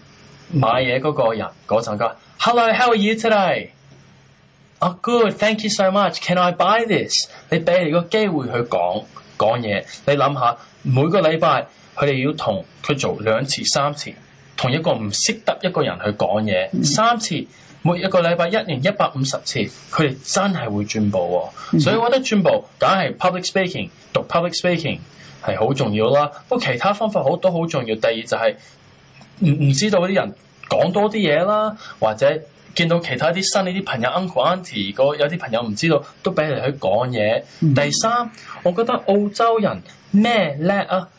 S7: 買嘢嗰個人嗰陣 hello, how are you today？oh good，thank you so much，can I buy this？你俾你個機會去講講嘢，你諗下每個禮拜。佢哋要同佢做兩次、三次，同一個唔識得一個人去講嘢、mm hmm. 三次，每一個禮拜一年一百五十次，佢哋真係會進步、哦。Mm hmm. 所以我覺得進步梗係 public speaking 讀 public speaking 係好重要啦。不過其他方法好都好重要。第二就係唔唔知道啲人講多啲嘢啦，或者見到其他啲新呢啲朋友、mm hmm. uncle auntie，如、那、果、個、有啲朋友唔知道，都俾佢哋去講嘢。Mm hmm. 第三，我覺得澳洲人咩叻啊！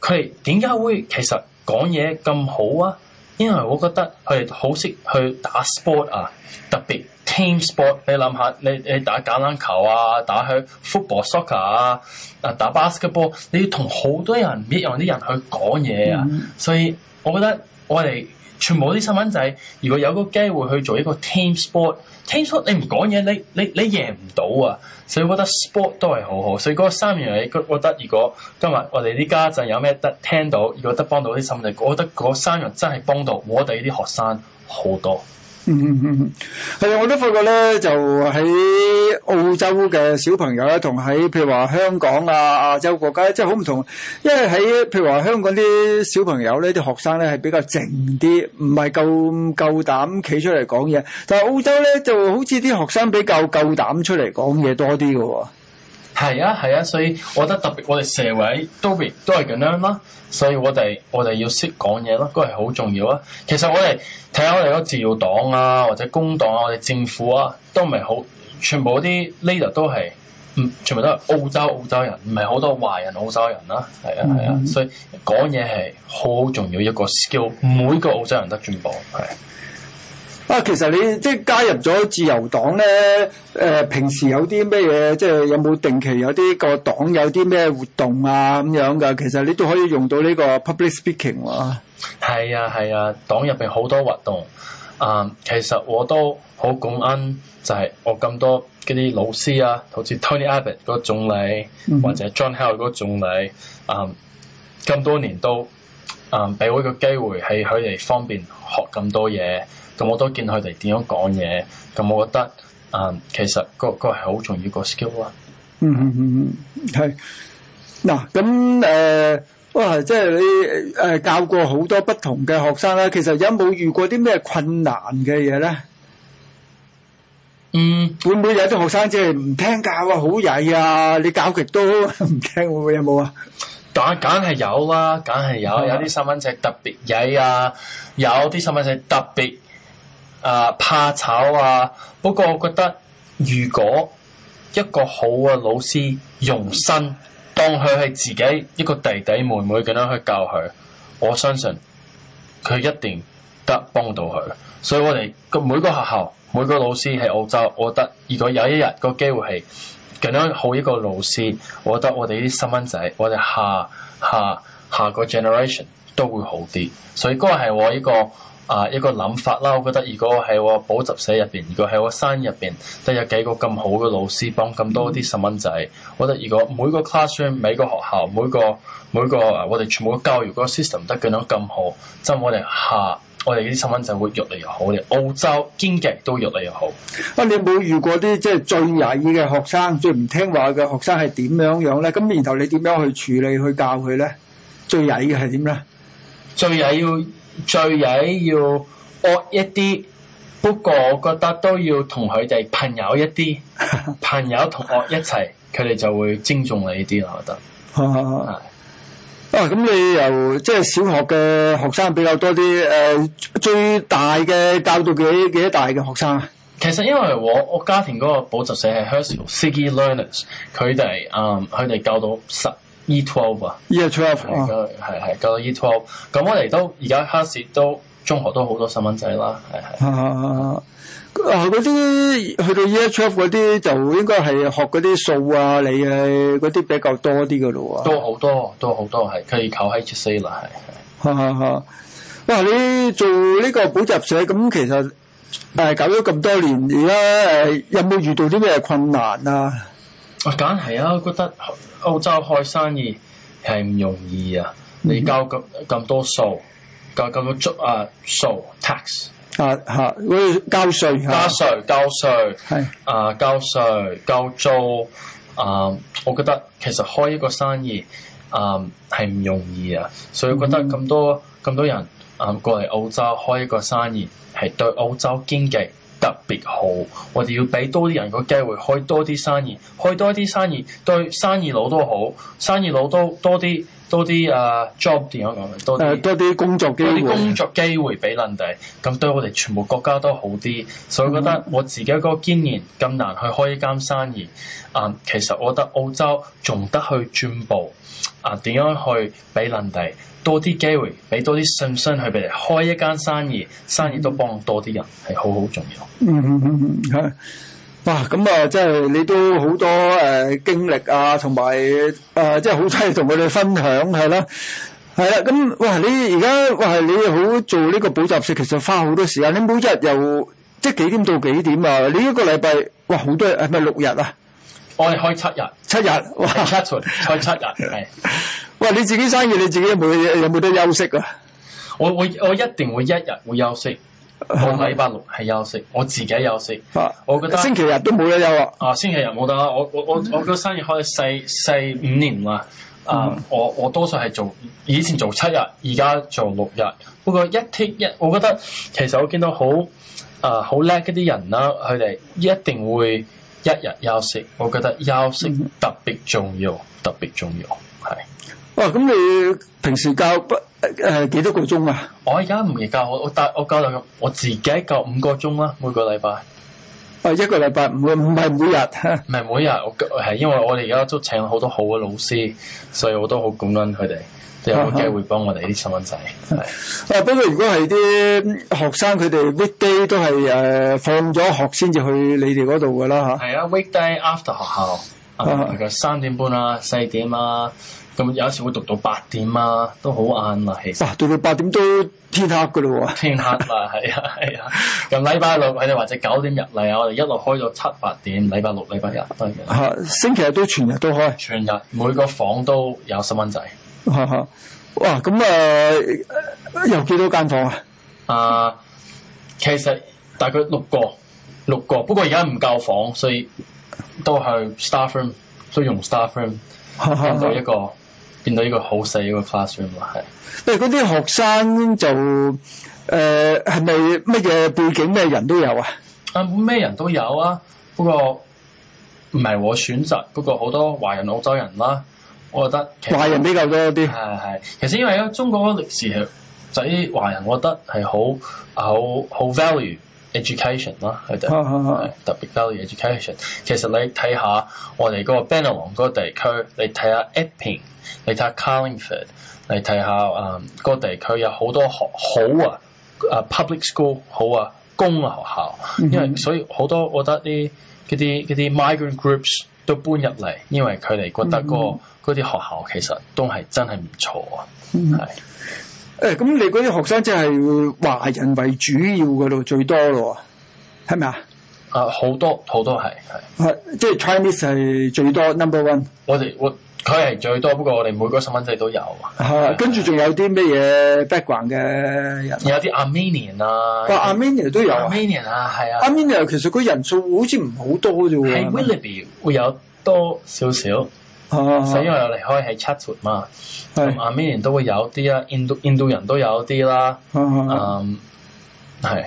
S7: 佢哋點解會其實講嘢咁好啊？因為我覺得佢哋好識去打 sport 啊，特別 team sport 你想想。你諗下，你你打橄欖球啊，打去 football soccer 啊，啊打 basketball，你要同好多人唔一樣啲人去講嘢啊，嗯、所以我覺得我哋。全部啲細蚊仔就係如果有個機會去做一個 team sport，team sport 你唔講嘢，你你你贏唔到啊！所以我覺得 sport 都係好好。所以嗰三樣嘢，我覺得如果今日我哋啲家陣有咩得聽到，如果得幫到啲心力，我覺得嗰三樣真係幫到我哋啲學生好多。
S1: 嗯嗯嗯，係啊！我都發覺咧，就喺澳洲嘅小朋友咧，同喺譬如話香港啊、亞洲國家，即係好唔同。因為喺譬如話香港啲小朋友咧，啲學生咧係比較靜啲，唔係夠夠膽企出嚟講嘢。但係澳洲咧就好似啲學生比較夠膽出嚟講嘢多啲嘅哦。
S7: 係啊，係啊，所以我覺得特別，我哋社會都係都係咁樣啦。所以我哋我哋要識講嘢咯，都係好重要啊。其實我哋睇下我哋嗰自由黨啊，或者工黨啊，我哋政府啊，都唔係好全部啲 leader 都係嗯，全部都係澳洲澳洲人，唔係好多華人澳洲人啦。係啊，係啊，啊嗯、所以講嘢係好重要一個 skill，每個澳洲人得進步係。
S1: 啊，其實你即係加入咗自由黨咧，誒、呃、平時有啲咩嘢，即係有冇定期有啲個黨有啲咩活動啊咁樣噶？其實你都可以用到呢個 public speaking 喎、
S7: 啊。係啊，係啊，黨入邊好多活動啊、嗯。其實我都好感恩，就係我咁多嗰啲老師啊，好似 Tony Abbott 嗰個總理，或者 John Howard 嗰個總理啊，咁、嗯、多年都啊俾、嗯、我一個機會，喺佢哋方便學咁多嘢。咁我都見佢哋點樣講嘢，咁我覺得啊，其實個個係好重要個 skill 啊。嗯嗯
S6: 嗯，係
S1: 嗱，咁誒、呃、哇，即係你誒、呃、教過好多不同嘅學生啦。其實有冇遇過啲咩困難嘅嘢咧？嗯，會唔會有啲學生即係唔聽教啊？好曳啊！你教極都唔聽，會唔會有冇啊？
S7: 梗梗係有啦，梗係有，啊、有啲細蚊仔特別曳啊，有啲細蚊仔特別。啊，怕醜啊！不過我覺得，如果一個好嘅老師用心，當佢係自己一個弟弟妹妹咁樣去教佢，我相信佢一定得幫到佢。所以我哋個每個學校每個老師喺澳洲，我覺得如果有一日個機會係咁樣好一個老師，我覺得我哋啲細蚊仔，我哋下下下個 generation 都會好啲。所以嗰個係我一個。啊，一個諗法啦，我覺得如果喺我補習社入邊，如果喺我山入邊都有幾個咁好嘅老師幫咁多啲細蚊仔，嗯、我覺得如果每個 classroom、每個學校、每個每個我哋全部教育嗰個 system 得咁樣咁好，就我哋下、啊、我哋啲細蚊仔會越嚟越好。澳洲堅極都越嚟越好。
S1: 啊，你冇遇過啲即係最曳嘅學生，最唔聽話嘅學生係點樣樣咧？咁然後你點樣去處理去教佢咧？最曳嘅係點咧？最曳要。
S7: 最曳要惡一啲，不過我覺得都要同佢哋朋友一啲， [LAUGHS] 朋友同惡一齊，佢哋就會尊重你啲，我覺得。
S1: [LAUGHS] 是啊，咁你由即係、就是、小學嘅學生比較多啲，誒、呃，最大嘅教到幾幾多，多大嘅學生啊？其實因為
S7: 我我家庭嗰個補習社係 Hers City Learners，佢哋啊，佢、嗯、哋教到十。
S1: Year 12啊，Year
S7: 12，係係教到 Year 12，咁我哋都而家哈試都中學都好多細蚊仔啦，係
S1: 係、e。啊嗰啲去到 Year 12嗰啲就應該係學嗰啲數啊、你啊嗰啲比較多啲噶咯喎。都
S7: 好多，多，都好多係，佢考靠 HSC 啦，係係。哈
S1: 哈哈！哇、啊啊啊，你做呢個補習社咁、嗯、其實誒、嗯、搞咗咁多年，而家誒有冇遇到啲咩困難啊？
S7: 啊，梗係啊，覺得。澳洲開生意係唔容易啊！你交咁咁多數，交咁多足啊數 tax
S1: 啊嚇、啊，交稅，交
S7: 稅，交稅，係啊交稅交租啊，我覺得其實開一個生意啊係唔容易啊，所以我覺得咁多咁、嗯、多人啊、嗯、過嚟澳洲開一個生意係對澳洲經濟特別好，我哋要俾多啲人個機會，開多啲生意，開多啲生意，對生意佬都好，生意佬都多啲多啲啊、uh, job 點樣講？誒
S1: 多啲工作
S7: 機會，多啲工作機會俾人哋，咁對我哋全部國家都好啲。所以覺得我自己個經驗咁難去開一間生意啊、嗯，其實我覺得澳洲仲得去進步啊，點樣去俾人哋？多啲機會，俾多啲信心去俾你開一間生意，生意都
S1: 幫多啲人，係好好重
S7: 要，嗯。嗯
S6: 嗯
S1: 嗯，嚇、嗯！哇，咁啊，即係你都好多誒、呃、經歷啊，同埋啊，即係好犀利同佢哋分享係啦，係啦。咁、嗯、哇，你而家哇，你好做呢個補習社，其實花好多時間。你每日又即係幾點到幾點啊？你一個禮拜哇，好多日係咪六日啊？是是啊，
S7: 我係開七日、嗯，
S1: 七日，七日開七日，係、嗯。 [LAUGHS]
S7: 喂，你自己生意
S1: 你自己有冇有冇得休息啊？我我我
S7: 一定會一日會休息， [LAUGHS] 我禮拜六係休息，我自己休息。啊、我覺得星
S1: 期日都冇得休啦。
S7: 啊，星期日冇得啦。我我我我個生意開四四五年啦。嗯、啊，我我多數係做以前做七日，而家做六日。不過一剔一，我覺得其實我見到好啊好叻一啲人啦，佢哋一定會一日休息。我覺得休息特別重要，嗯、特別重要，係。
S1: 哇！咁、哦、你平時教不誒、呃、幾多個鐘啊？我而家
S7: 唔係教我，我但我教就我自己教五個鐘啦。每個禮拜啊，一個
S1: 禮拜唔會唔係每日，
S7: 唔係每日我係因為我哋而家都請好多好嘅老師，所以我都好感恩佢哋有機會幫我哋啲細蚊仔
S1: 係。啊，不、嗯、過是如果係啲學生佢哋 weekday 都係誒放咗學先至去你哋嗰度㗎啦嚇。
S7: 係啊，weekday after 學校啊，三點半啊，四點啊。啊咁有時會讀到八點啊，都好晏啦。其實哇，讀、
S1: 啊、到八點都天黑㗎喇喎，
S7: 天黑啦，係啊係啊。咁禮拜六或者九點入嚟啊，我哋一路開到七八點。禮拜六、禮拜日都、啊、
S1: 星期日都全日都開。全日每個房
S7: 都有十蚊仔、
S1: 啊。哇，咁誒、呃，有幾多間
S7: 房啊？啊，其實大概六個，六個。不過而家唔夠房，所以都係 Starroom，都用 Starroom 揾到一、啊、個。啊啊啊變到呢個好細一個 classroom 嘛，係。
S1: 誒嗰啲學生就誒係咪乜嘢背景嘅人都有啊？
S7: 啊，咩人都有啊。不過唔係我選擇，不過好多華人澳洲人啦、啊，我覺得華人比較多啲。係係，其實因為咧，中國嘅歷史喺、就是、華人，我覺得係好好好 value。education 咯，係啊，特別關於 education。其實你睇下我哋個 Bennelong 嗰個地區，你睇下 Epping，你睇下 Carlingford，你睇下啊個地區有好多學好啊，啊 public school 好啊，公立學校，因為所以好多我覺得啲嗰啲嗰啲 migrant groups 都搬入嚟，因為佢哋覺得嗰個嗰啲學校其實都係真係唔錯啊，
S6: 係。
S1: 誒咁，哎、那你嗰啲學生真係華人為主要嘅咯，最多咯，係咪啊？啊，好多好多係係，即係 Chinese 係最多 number one。我哋我
S7: 佢係最多，不過我哋每個身份仔都有
S1: 啊。跟住仲有啲咩嘢 background 嘅？有
S7: 啲 Armenian 啊，阿 Armenian 都有。Armenian 啊，係啊
S1: Armenian 其實個人數好似唔好多啫喎，喺 Willoughby 會有多少少。哦，所以我
S7: 哋可以喺 Chatroom 嘛，咁啊每年都會有啲啊，印度印度人都有啲啦，啊、嗯，
S1: 係、啊，係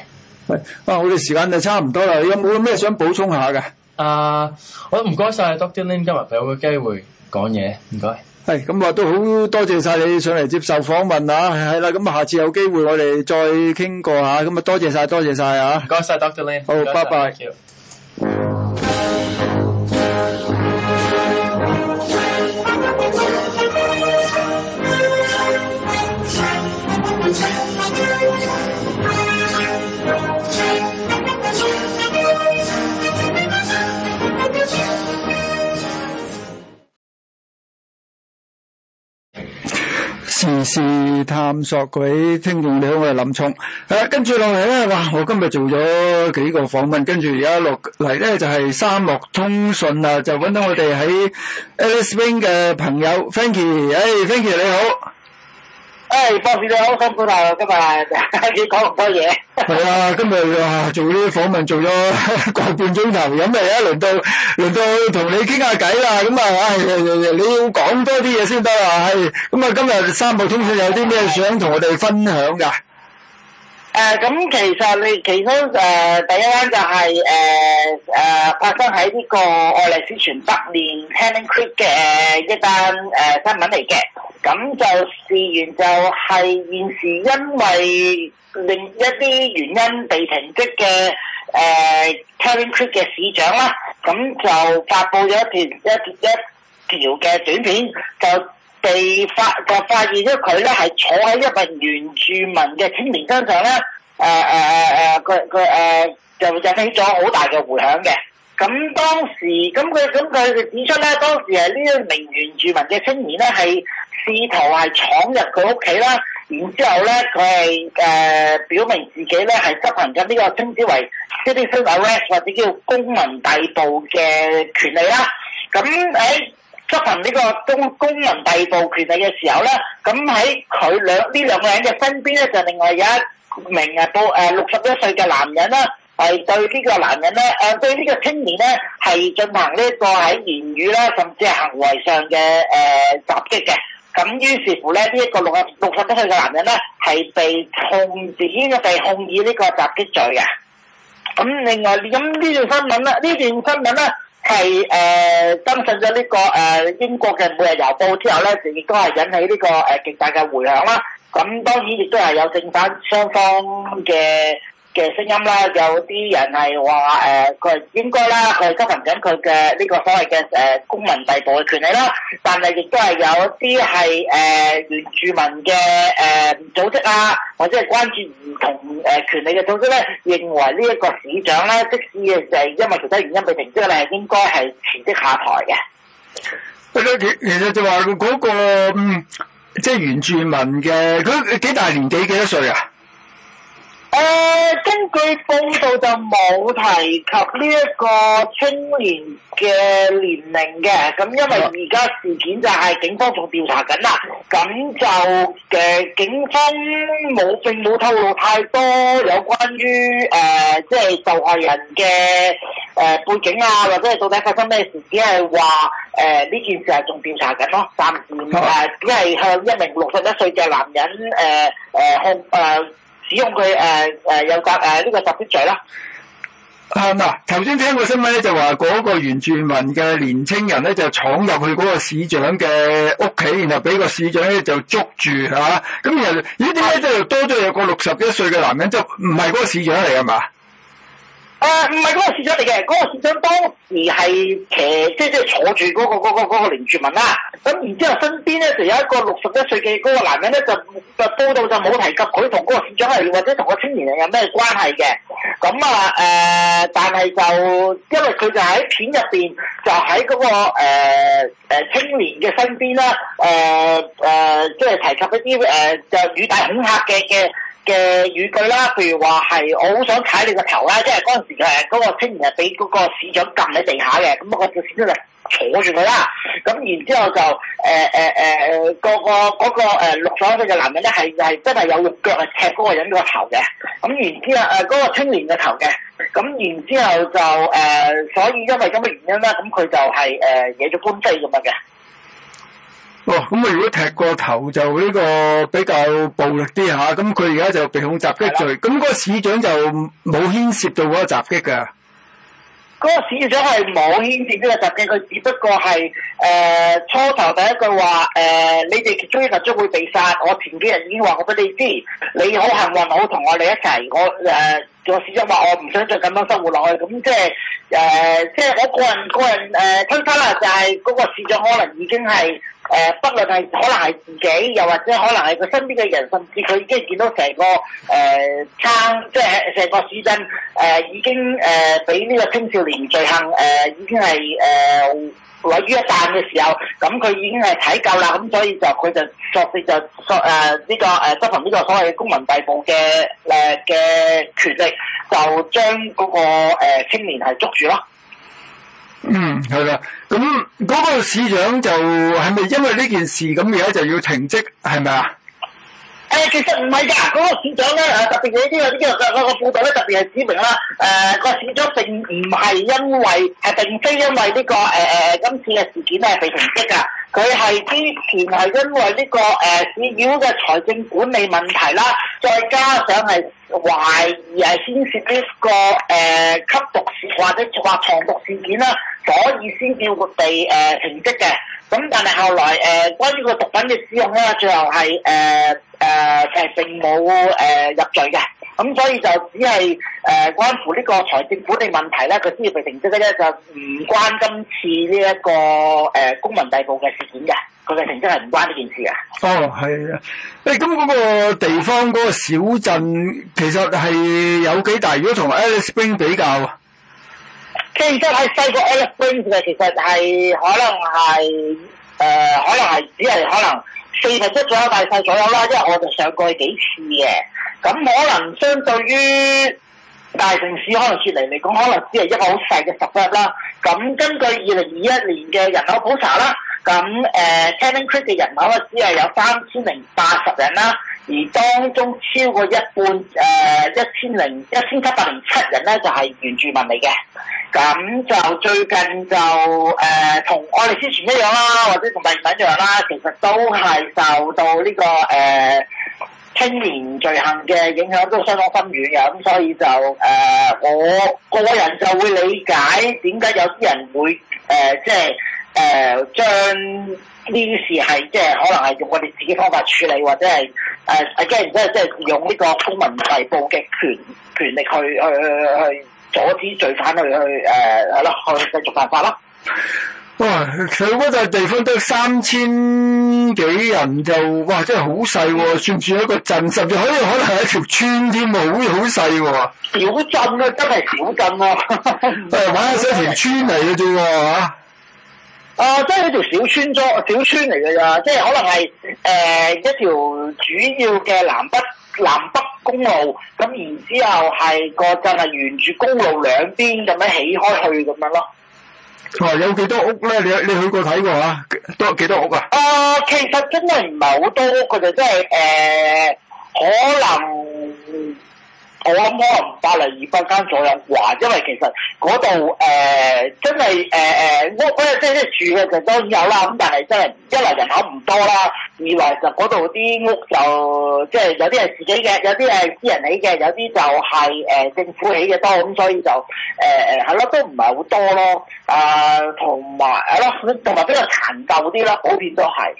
S1: 是，啊我哋時間就差唔多啦，你有冇咩想補充下嘅？
S7: 啊，好唔該晒 Doctor Lin，今日俾我個機會講嘢，
S1: 唔該。係，咁啊都好多謝晒你上嚟接受訪問啊，係啦，咁啊下次有機會我哋再傾過下，咁啊多謝晒，多謝晒啊。唔
S6: 該晒 Doctor Lin，謝謝，好，拜拜。謝
S1: 謝。探索佢，聽眾你好，我係林聰。誒、啊，跟住落嚟咧，哇！我今日做咗幾個訪問，跟住而家落嚟咧就係三六通訊啊，就搵到我哋喺 Alice Wing 嘅朋友 Frankie，誒 Frankie，你好。哎，
S8: 博
S1: 士你好辛苦啦！今日你講咁多嘢，係啊，今日啊做啲訪問做咗個半鐘頭，咁啊，一輪到輪到同你傾下偈啦，咁啊，哎，你要講多啲嘢先得啊，係、哎，咁、嗯、啊，今日三木通生有啲咩想同我哋分享噶？
S8: 誒咁、呃、其實你其中誒、呃、第一單就係誒誒發生喺呢個愛麗斯泉北面 Tennant Creek 嘅一單誒新聞嚟嘅，咁、嗯、就事緣就係現時因為另一啲原因被停職嘅誒 Tennant Creek 嘅市長啦，咁、嗯、就發布咗一段一一條嘅短片就。被發就發現咗佢咧，係坐喺一名原住民嘅青年身上咧。誒誒誒誒，佢佢誒就引起咗好大嘅迴響嘅。咁當時咁佢咁佢指出咧，當時係呢一名原住民嘅青年咧，係試圖係闖入佢屋企啦。然之後咧，佢係誒表明自己咧係執行緊呢、這個稱之為 citizen arrest 咧，或者叫公民逮捕嘅權利啦。咁誒。哎執行呢個公公民逮捕權利嘅時候咧，咁喺佢兩呢兩個人嘅身邊咧，就另外有一名啊，報誒六十一歲嘅男人啦，係對呢個男人咧，誒、呃、對呢個青年咧，係進行呢個喺言語啦，甚至係行為上嘅誒襲擊嘅。咁、呃、於是乎咧，呢、這、一個六啊六十一歲嘅男人咧，係被控自己嘅被控以呢個襲擊罪嘅。咁另外，咁呢段新聞咧，呢段新聞咧。係誒登上咗呢個誒、呃、英國嘅每日郵報之後咧，亦都係引起呢、這個誒極、呃、大嘅迴響啦。咁當然亦都係有正反雙方嘅。嘅聲音啦，有啲人係話誒，佢、呃、應該啦，佢執行緊佢嘅呢個所謂嘅誒、呃、公民逮捕嘅權利啦。但係亦都係有啲係誒原住民嘅誒、呃、組織啊，或者係關注唔同誒、呃、權利嘅組織咧，認為呢一個市長咧，即使係因為其他原因被停職咧，應該係辭職下台
S6: 嘅。其實、那個、就話
S1: 嗰個即係原住民嘅，佢幾大年紀，幾多歲啊？
S8: 誒、呃，根據報道就冇提及呢一個青年嘅年齡嘅，咁因為而家事件就係警方仲調查緊啦，咁就誒、呃、警方冇並冇透露太多有關於誒即係受害人嘅誒、呃、背景啊，或者係到底發生咩事、呃事呃，只係話誒呢件事係仲調查緊咯，暫時誒只係向一名六十一歲嘅男人誒誒、呃呃、向誒。呃用
S1: 佢誒誒有集誒呢個集資仔啦。啊嗱，頭先聽個新聞咧就話嗰個原住民嘅年青人咧就闖入去嗰個市長嘅屋企，然後俾個市長咧就捉住係咁，然後呢啲咧就多咗有個六十一歲嘅男人，就唔係嗰個
S8: 市長嚟㗎嘛？誒，唔係嗰個市長嚟嘅，嗰、那個市長當時係騎，即係即係坐住嗰、那個嗰、那個、那個原住民啦。咁然之後身邊咧就有一個六十一歲嘅嗰個男人咧，就就報道就冇提及佢同嗰個市長係或者同個青年人有咩關係嘅。咁啊誒，但係就因為佢就喺片入邊就喺嗰、那個誒誒、呃、青年嘅身邊啦。誒、呃、誒，即、呃、係、就是、提及一啲誒、呃、就語帶恐嚇嘅嘅。嘅語句啦，譬如話係我好想踩你個頭啦，即係嗰陣時誒嗰個青年係俾嗰個市長撳喺地下嘅，咁不過個市長就坐住佢啦，咁然之後就誒誒誒個個嗰個落咗去嘅男人咧係係真係有用腳去踢嗰個人個頭嘅、呃那個頭嘅，咁然之後誒嗰個青年嘅頭嘅，咁然之後就誒、呃、所以因為咁嘅原因啦，咁佢就係、是、誒、呃、惹咗官非咁樣嘅。
S1: 哦，咁我如果踢過頭就呢個比較暴力啲嚇，咁佢而家就被控襲擊罪，咁嗰個市長就冇牽涉到嗰個襲擊噶。嗰
S8: 個市長係冇牽涉呢個襲擊，佢只不過係誒初頭第一句話誒，你哋追就將會被殺。我前幾日已經話我俾你知，你好幸運好同我哋一齊。我誒，我市長話我唔想再咁樣生活落去，咁即係誒，即係我個人個人誒親身啦，就係嗰個市長可能已經係。誒、呃，不論係可能係自己，又或者可能係佢身邊嘅人，甚至佢已經見到成個誒、呃、撐，即係成個市鎮誒、呃、已經誒俾呢個青少年罪行誒、呃、已經係誒毀於一旦嘅時候，咁佢已經係睇夠啦，咁所以就佢就索性就誒呢、啊這個誒、啊、執行呢個所謂公民逮捕嘅誒嘅權力，就將嗰、那個、呃、青年係捉住咯。
S1: 嗯，係啦，咁、那、嗰個市長就係咪因為呢件事咁而家就要停職係咪
S8: 啊？誒，其實唔係噶，嗰、那個市長咧誒特別嘅呢個呢、這個個個報道咧特別係指明啦，誒、呃、個市長並唔係因為係並非因為呢、這個誒誒、呃、今次嘅事件咧被停職噶，佢係之前係因為呢、這個誒市府嘅財政管理問題啦，再加上係懷疑係牽涉呢個誒、呃、吸毒事或者話藏毒事件啦。所以先叫佢哋誒停職嘅，咁但係後來誒、呃、關於個毒品嘅使用咧，最後係誒誒誒並冇誒、呃、入罪嘅，咁、嗯、所以就只係誒、呃、關乎呢個財政管理問題咧，佢先至被停職嘅啫，就唔關今次呢、這、一個誒、呃、公民逮捕嘅事件嘅，佢嘅停職係唔關呢件事嘅。
S1: 哦，係啊，誒咁嗰個地方嗰個小鎮其實係有幾大，如果同 Alice Springs 比較。
S8: 其實喺西九 all 嘅，其實係可能係誒，可能係只係可能四十出左右，大細左右啦，因為我就上過去幾次嘅，咁可能相對於大城市，可能雪梨嚟講，可能只係一個好細嘅十入啦。咁根據二零二一年嘅人口普查啦。咁誒 Tennant Creek 嘅人口啊，只係有三千零八十人啦，而當中超過一半誒一千零一千七百零七人咧，就係原住民嚟嘅。咁就最近就誒，同我哋之前一樣啦，或者同第二日一樣啦，其實都係受到呢、這個誒、呃、青年罪行嘅影響，都相當深遠嘅。咁所以就誒、呃，我個人就會理解點解有啲人會誒、呃，即係。誒將呢啲事係即係可能係用我哋自己方法處理，或者係誒、呃、即係即係即係用呢個公民衞報嘅權權力去去去，去，去阻止罪犯去去誒係咯，去繼、呃、續犯法啦！
S1: 哇！佢嗰個地方得三千幾人，就哇真係好細喎，算唔算一個鎮，甚至可能可能係一條村
S8: 添喎，好好細喎！小鎮啊，真係小鎮喎、啊！誒，玩下、哎、一條村嚟嘅啫喎啊、呃，即係一條小村莊，小村嚟嘅咋，即係可能係誒、呃、一條主要嘅南北南北公路，咁然之後係個鎮係沿住公路兩邊咁樣起開去咁樣咯。
S1: 哦、啊，有幾多屋咧？你你去過睇過啊？多幾多屋啊？
S8: 啊、呃，其實真係唔係好多屋嘅，即係誒可能。我諗可能百零二百間左右啩，因為其實嗰度誒真係誒誒屋咧，即係住嘅就當然有啦。咁但係真係一嚟人口唔多啦，二嚟就嗰度啲屋就即係有啲係自己嘅，有啲係私人起嘅，有啲就係、是、誒、呃、政府起嘅多。咁、呃、所以就誒誒係咯，呃、都唔係好多咯。啊、呃，同埋係咯，同、哎、埋、呃、比較殘舊啲啦，普遍都係。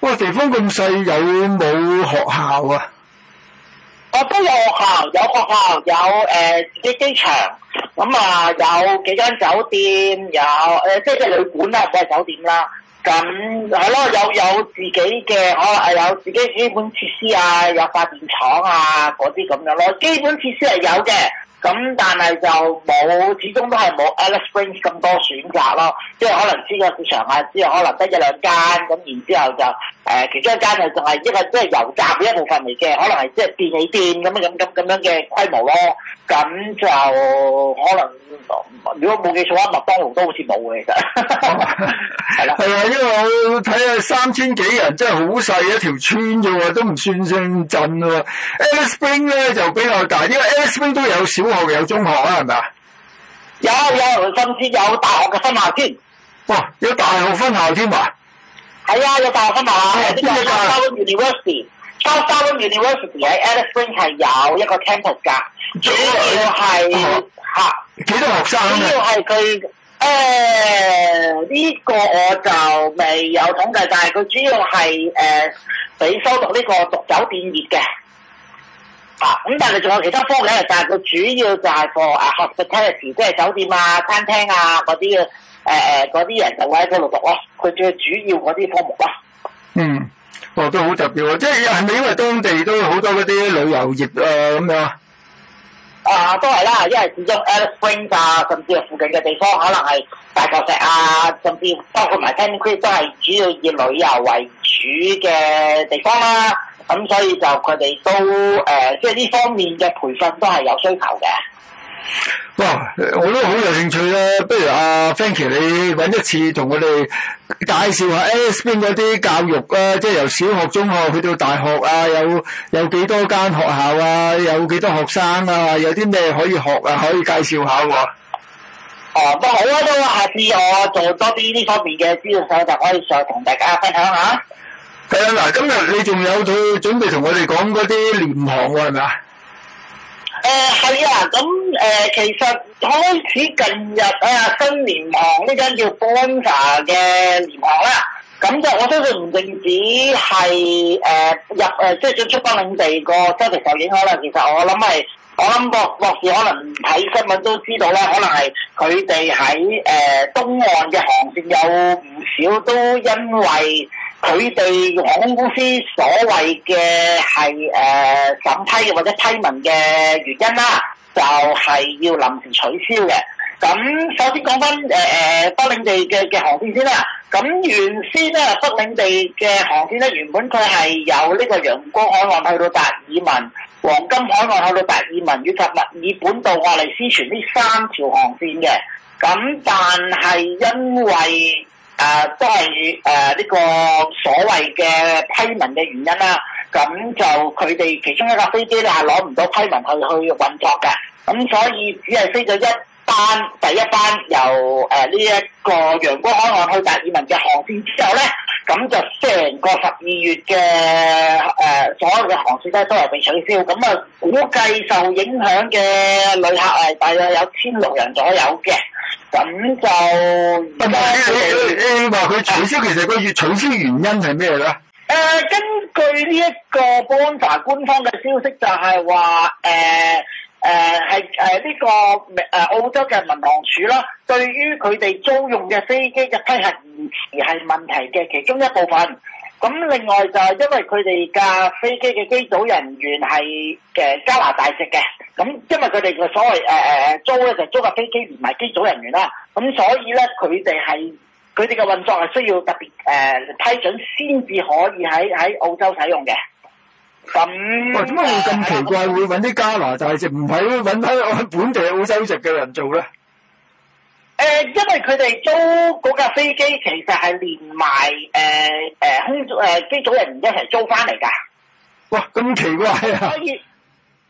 S1: 喂！地方咁細，有冇學校啊？
S8: 我、啊、都有學校，有學校，有誒、呃、自己機場，咁、嗯、啊有幾間酒店，有誒、呃、即係旅館啊，或者酒店啦，咁係咯，有有自己嘅，我係有自己基本設施啊，有發電廠啊嗰啲咁樣咯，基本設施係有嘅。咁但係就冇，始終都係冇 Alice Springs 咁多選擇咯，即係可能私嘅市場啊，只可能得一兩間，咁然之後就誒、呃、其中一間就仲係一個即係、就是、油炸嘅一部分嚟嘅，可能係即係便利店咁樣咁咁咁樣嘅規模咯。咁就可能如果冇記錯話，麥當勞都好似冇嘅，其實係
S1: 啦，係啊 [LAUGHS] 是的，因為我睇下三千幾人真係好細一條村啫喎，都唔算勝鎮喎。Alice Springs 咧就比較大，因為 Alice Springs 都有少。後有中學啦，係咪啊？有有甚
S8: 至有大學嘅分校添。哇！有大學分校添啊？係啊，有大學分校。係，University，University，啊、喺 Alice Springs 係有一個 campus 噶。啊、主要係吓？幾、啊啊、多學生、啊、主要係佢誒呢個我就未有統計，但係佢主要係誒俾修讀呢個讀酒店業嘅。咁但係仲有其他科嘅，但係佢主要就係個啊 hotels，即係酒店啊、餐廳啊嗰啲嘅，誒誒嗰啲人就會喺嗰度讀咯。佢最主要嗰啲科目啦。
S1: 嗯，哦都好特別啊！即係係咪因為當地都好多嗰啲旅遊業啊
S6: 咁樣？
S8: 啊，呃、都係啦，因為始終、e、Alice Springs 啊，甚至係附近嘅地方，可能係大角石啊，甚至包括埋 Canyon 都係主要以旅遊為主嘅地方啦、啊。咁、嗯、所以就佢哋都
S6: 誒，即係呢方面嘅培訓都係有需求嘅。哇！我都好有興趣啦，
S1: 不如阿、啊、Frankie 你揾一次同我哋介紹下 S 邊嗰啲教育啊，即係由小學、中學去到大學啊，有有幾多間學校啊，有幾多學生啊，有啲咩可以學啊，可以介紹下
S8: 喎、啊。哦，都好啊，都話下次我做多啲呢方面嘅資料，就可以上同大家分享下。
S1: 係啊，嗱，今日你仲有去準備同我哋講嗰啲廉航喎，係咪啊？
S8: 誒係啊，咁誒、呃、其實開始近日啊，新廉航呢間叫 Bonza 嘅廉航啦，咁就我相信唔淨止係誒、呃、入誒，即係想出翻領地個收成受影響啦。其實我諗係，我諗博博士可能睇新聞都知道啦，可能係佢哋喺誒東岸嘅航線有唔少都因為，佢哋航空公司所謂嘅係誒審批或者批文嘅原因啦、啊，就係、是、要臨時取消嘅。咁首先講翻誒誒北領地嘅嘅航線先啦。咁原先咧北領地嘅航線咧，原本佢係由呢個陽光海岸去到達爾文、黃金海岸去到達爾文，以及墨爾本到愛麗斯泉呢三條航線嘅。咁但係因為誒、呃、都係誒呢個所謂嘅批文嘅原因啦、啊，咁就佢哋其中一架飛機咧，係攞唔到批文去去運作嘅，咁所以只係飛咗一班，第一班由誒呢一個陽光海岸去達爾文嘅航線之後咧，咁就成個十二月嘅誒、呃、所有嘅航線都係都係被取消，咁啊估計受影響嘅旅客係大概有千六人左右嘅。咁
S1: 就唔係你你話佢取消，啊、其實個月取消原因係咩
S6: 咧？
S8: 誒、呃，根據呢一個 Bonza，官方嘅消息就係話，誒誒係誒呢個誒澳洲嘅民航處啦，對於佢哋租用嘅飛機嘅批核延遲係問題嘅其中一部分。咁另外就係因為佢哋架飛機嘅機組人員係嘅加拿大籍嘅，咁因為佢哋嘅所謂誒誒誒租咧就租架飛機，唔係機組人員啦，咁所以咧佢哋係佢哋嘅運作係需要特別誒批准先至可以喺喺澳洲使用嘅。咁、嗯，哇！點解會咁奇怪會揾啲
S1: 加拿大籍唔係揾翻本地澳洲籍嘅人做咧？
S8: 誒，因為佢哋租嗰架飛機，其實係連埋誒誒空誒機組人員一齊租翻嚟噶。
S6: 哇，咁奇怪
S8: 啊！所以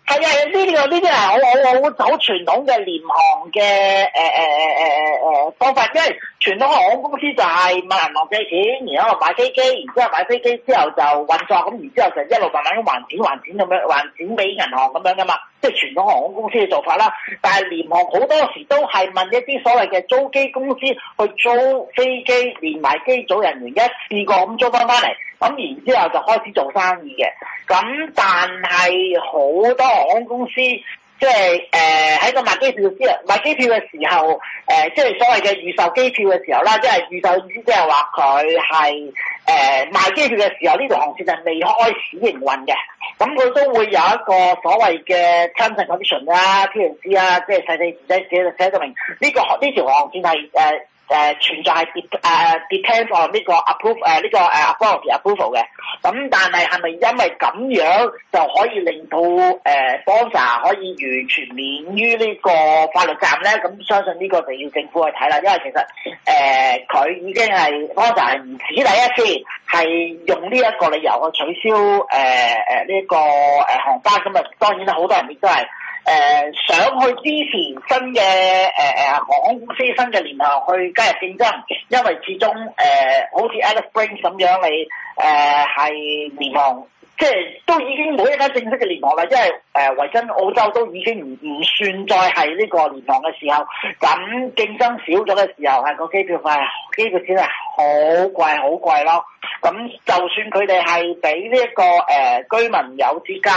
S8: 係啊，呢個呢啲係好好好好傳統嘅廉航嘅誒誒誒誒誒誒方法，因為。傳統航空公司就係問銀行借錢，然之後買飛機，然之後買飛機之後就運作，咁然之後就一路慢慢咁還錢還錢咁樣，還錢俾銀行咁樣噶嘛，即係傳統航空公司嘅做法啦。但係廉航好多時都係問一啲所謂嘅租機公司去租飛機，連埋機組人員一次過咁租翻翻嚟，咁然之後就開始做生意嘅。咁但係好多航空公司。即係誒喺個賣機票之，賣機票嘅時候，誒、呃、即係所謂嘅預售機票嘅時候啦，即係預售，即係話佢係誒賣機票嘅時候，呢條航線就係未開始營運嘅，咁佢都會有一個所謂嘅 confirmation 啦、啊、T&C, 啊，即係寫寫寫寫寫得明，呢、這個呢條航線係誒。呃誒、呃、存在係跌誒 depend 呢個 approve 誒、uh, 呢、這個誒、uh, approval 嘅，咁但係係咪因為咁樣就可以令到誒、uh, Bonza 可以完全免於呢個法律責任咧？咁、嗯、相信呢個就要政府去睇啦。因為其實誒佢、uh, 已經係 Bonza 係唔止第一次係用呢一個理由去取消誒誒呢個誒航、uh, 班，咁、嗯、啊當然好多人亦都係。誒、呃、想去支持新嘅誒誒航空公司新嘅廉航去加入競爭，因為始終誒、呃、好似 Alice Springs 咁樣，你誒係廉航。即係都已經冇一家正式嘅聯航啦，因為誒、呃、維珍澳洲都已經唔唔算再係呢個聯航嘅時候，咁競爭少咗嘅時候，係、個機票費機票錢係好貴好貴咯。咁就算佢哋係俾呢一個誒、呃、居民有資交，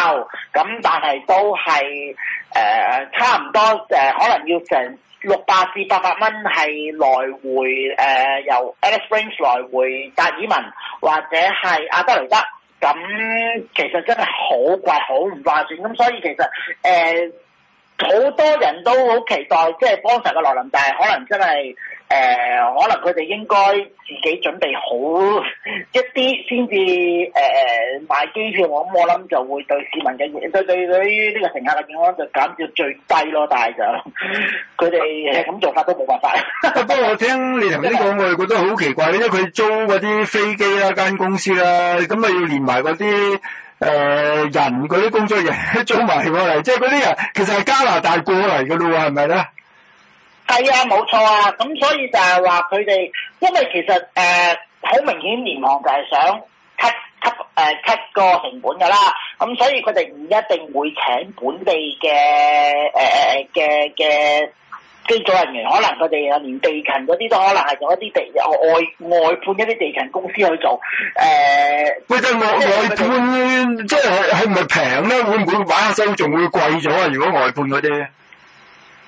S8: 咁但係都係誒、呃、差唔多誒、呃，可能要成六百至八百蚊係來回誒、呃、由 Alice Springs 來回達爾文或者係阿德雷德。咁其實真係好貴，好唔划算。咁所以其實誒。呃好多人都好期待，即係 Bonza 嘅來臨，但係可能真係誒、呃，可能佢哋應該自己準備好一啲先至誒買機票，咁、嗯、我諗就會對市民嘅對對對於呢個乘客嘅健康就減少最低咯。但係就佢哋咁做法都冇辦法。 [LAUGHS]
S1: [LAUGHS] 不過我聽你頭先講，我哋覺得好奇怪，因為佢租嗰啲飛機啦、啊，間公司啦、啊，咁咪要連埋嗰啲。誒，人嗰啲工作人員做埋過嚟，即係嗰啲人，其實係加拿大過嚟噶咯，係咪咧？
S6: 係
S8: 啊，冇錯啊，咁所以就係話佢哋，因為其實誒，好明顯廉航就係想 cut cut 誒，cut 個成本噶啦，咁所以佢哋唔一定會請本地嘅誒嘅嘅。機組人員可能佢哋啊，連地勤嗰啲都可能係用一啲地外外判一啲地勤公司去做，誒、呃，喂，即係外判，
S1: 即係係係唔係平咧？會唔會玩下收仲會貴咗啊？如果外判嗰啲，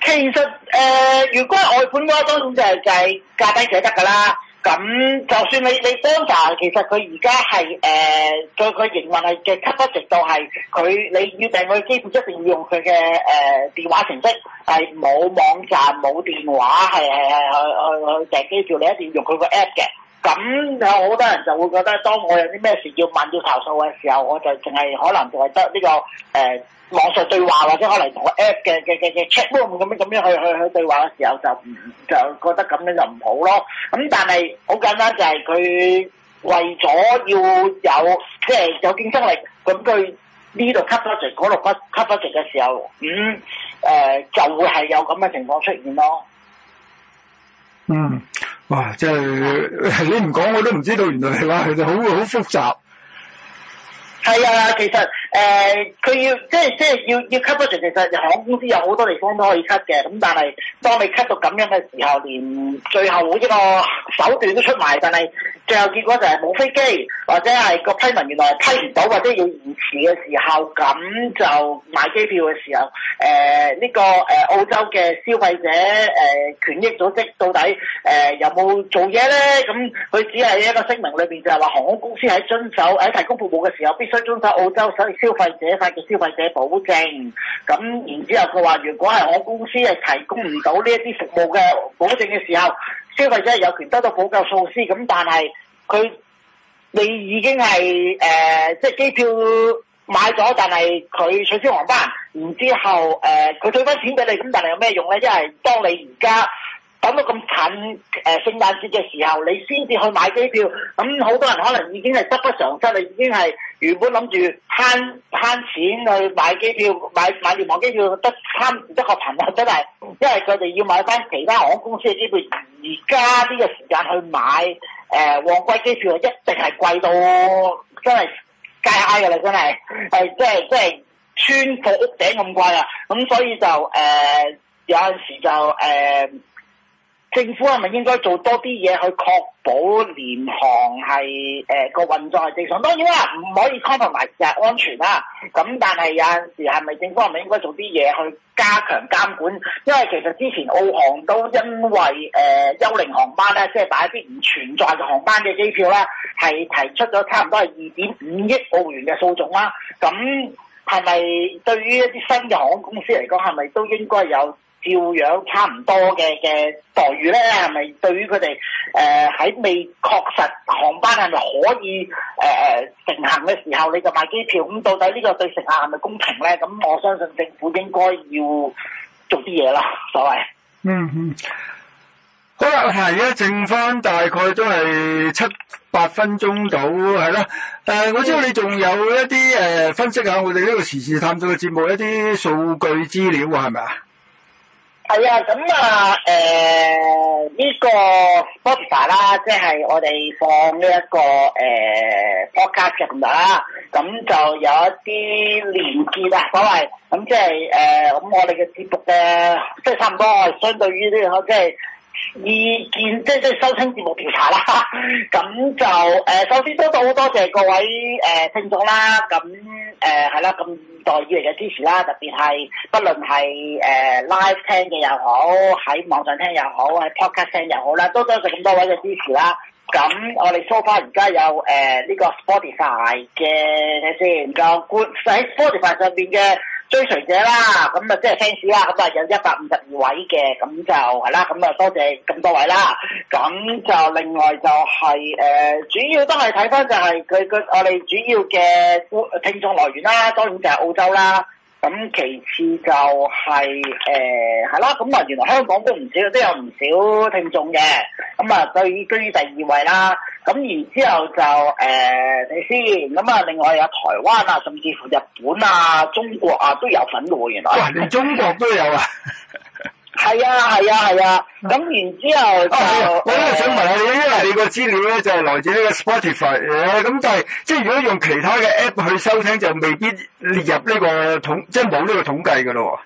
S8: 其實誒、呃，如果外判多種就係價低就得㗎啦。咁就算你你幫查，其實佢而家係，誒，佢、呃、佢營運係嘅級級程度係佢，你要訂佢機票一定要用佢嘅誒電話程式，係冇網站冇電話，係係係去去去訂機票，你一定要用佢個 app 嘅。咁有好多人就會覺得，當我有啲咩事要問，要，問要投訴嘅時候，我就淨係可能就係得呢、這個誒、呃、網上對話，或者可能同個 app 嘅嘅嘅嘅 chatroom 咁樣咁樣去去去對話嘅時候，就唔就覺得咁樣就唔好咯。咁但係好簡單，就係佢為咗要有即係有競爭力，咁佢呢度 cut budget 嗰度 cut budget 嘅時候，嗯誒、呃、就會係有咁嘅情況出現咯。
S1: 嗯，哇！即係你唔講我都唔知道，原來係話其實好好複雜。
S8: 係啊，其實。誒，佢、呃、要即係即係要要 cut 嗰時，其實航空公司有好多地方都可以 cut 嘅。咁但係當你 cut 到咁樣嘅時候，連最後一個手段都出埋，但係最後結果就係冇飛機，或者係個批文原來批唔到，或者要延遲嘅時候，咁就買機票嘅時候，誒、呃、呢、這個誒、呃、澳洲嘅消費者誒、呃、權益組織到底誒、呃、有冇做嘢咧？咁佢只係一個聲明裏邊就係話航空公司喺遵守喺提供服務嘅時候必須遵守澳洲所。消費者法嘅消費者保證，咁然之後佢話：如果係我公司係提供唔到呢一啲服務嘅保證嘅時候，消費者係有權得到補救措施。咁但係佢你已經係誒，即、呃、係、就是、機票買咗，但係佢取消航班，然之後誒佢退返錢俾你，咁但係有咩用咧？因為當你而家，等到咁近誒、呃、聖誕節嘅時候，你先至去買機票，咁好多人可能已經係得不償失啦，已經係原本諗住慳慳錢去買機票，買買住網機,機票，得慳得個朋友真係，因為佢哋要買翻其他航空公司嘅機票，而家啲嘅時間去買誒、呃、旺季機票，一定係貴到真係街 I 㗎啦，真係係即係即係穿破屋頂咁貴啊！咁、嗯、所以就誒、呃、有陣時就誒。呃政府係咪應該做多啲嘢去確保廉航係誒個運作係正常？當然啦，唔可以 cover 埋嘅安全啦。咁但係有陣時係咪政府係咪應該做啲嘢去加強監管？因為其實之前澳航都因為誒、呃、幽靈航班咧，即係買一啲唔存在嘅航班嘅機票咧，係提出咗差唔多係二點五億澳元嘅訴訟啦。咁係咪對於一啲新嘅航空公司嚟講，係咪都應該有？照樣差唔多嘅嘅待遇咧，係咪對於佢哋誒喺未確實航班係咪可以誒誒成行嘅時候，你就買機票？咁、嗯、到底呢個對乘客係咪公平咧？咁我相信政府應該要做啲嘢咯，所謂、
S6: 嗯。
S1: 嗯嗯，好啦，係啊，剩翻大概都係七八分鐘到，係啦。但係誒，我知道你仲有一啲誒、呃、分析下，我哋呢度時事探索嘅節目一啲數據資料啊，係咪啊？
S8: 係啊，咁啊，誒呢、呃這個 s p o t i f y 啦， [NOISE] 即係我哋放呢、這、一個誒 book 架嘅，嚇、呃，咁 [NOISE] 就有一啲連結啊，所謂，咁即係誒，咁、呃、我哋嘅節目咧，即係差唔多相對於呢個嘅。Okay, 意見即即、就是、收聽節目調查啦，咁 [LAUGHS] 就誒、呃、首先都都好多謝各位誒、呃、聽眾啦，咁誒係啦，咁耐以嚟嘅支持啦，特別係不論係誒、呃、live 聽嘅又好，喺網上聽又好，喺 podcast 聽又好啦，都多謝咁多位嘅支持啦。咁我哋 so far 而家有誒呢、呃這個 Spotify 嘅睇先，就喺 Spotify 上面嘅。追隨者啦，咁啊即係 fans 啦，咁啊有一百五十二位嘅，咁就係啦，咁啊多謝咁多位啦，咁就另外就係、是、誒、呃，主要都係睇返就係佢佢我哋主要嘅聽眾來源啦，當然就係澳洲啦。咁其次就係誒係啦，咁、呃、啊原來香港都唔少，都有唔少聽眾嘅。咁啊，居，居於第二位啦。咁然之後就誒你、呃、先。咁啊，另外有台灣啊，甚至乎日本啊、中國啊都有份嘅喎。原來哇 [LAUGHS] 連中國都有啊！ [LAUGHS] 係啊，係啊，係啊。咁完之
S6: 後，我我都想問下你，因
S1: 為你個資料咧就係來自呢個 Spotify 嘅、啊，咁就係、是、即係如果用其他嘅 app 去收聽就未必列入呢、這個、個統，即係冇呢個統計嘅咯喎。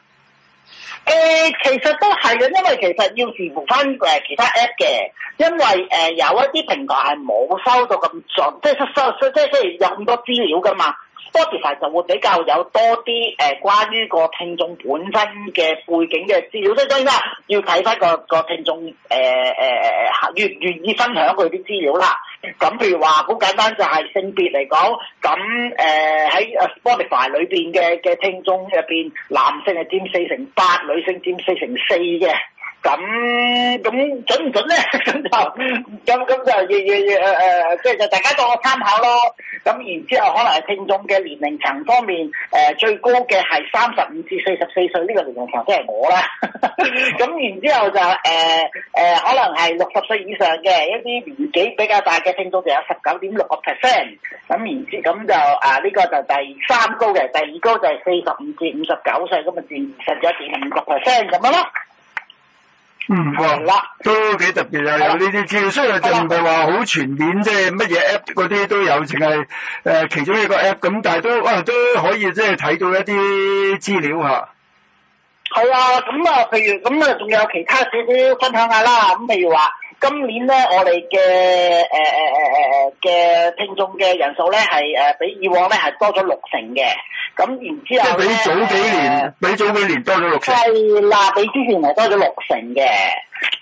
S8: 誒，其實都係嘅，因為其實要支付翻誒其他 app 嘅，因為誒、呃、有一啲平台係冇收到咁準，即係收收即係即係有咁多資料噶嘛。Spotify 就會比較有多啲誒、呃，關於個聽眾本身嘅背景嘅資料。所以咧，要睇翻個個聽眾誒誒誒，願唔願意分享佢啲資料啦。咁譬如話，好簡單就係性別嚟講，咁誒喺、呃、Spotify 裏邊嘅嘅聽眾入邊，男性係佔四成八，女性佔四成四嘅。咁咁準唔準咧？咁 [LAUGHS] 就咁咁、呃、就嘅嘅嘅誒誒，即係就大家當我參考咯。咁然之後，可能係聽眾嘅年齡層方面，誒、呃、最高嘅係三十五至四十四歲呢個年齡層，即、就、係、是、我啦。咁 [LAUGHS] 然之後就誒誒、呃呃，可能係六十歲以上嘅一啲年紀比較大嘅聽眾，就有十九點六個 percent。咁然之咁就啊，呢、呃這個就第三高嘅，第二高就係四十五至五十九歲，咁啊佔十一點五個 percent 咁樣咯。唔係啦，嗯、哇的都幾
S1: 特別啊！的有呢啲資料，的雖然就唔係話好全面，即係乜嘢 app 嗰啲都有，淨係誒其中一個 app，咁但係都可都可以即係睇到一啲資料嚇。
S6: 係啊，咁、嗯、啊，
S8: 譬如咁啊，仲、嗯、有其他少少分享下啦。咁、嗯、譬如話。.今年咧，我哋嘅誒誒誒誒嘅聽眾嘅人數咧，係誒、呃、比以往咧係多咗六成嘅。咁然之後，即係比早幾年，
S6: 呃、比早幾年多咗六成。係嗱，
S8: 比之前係多咗六成嘅。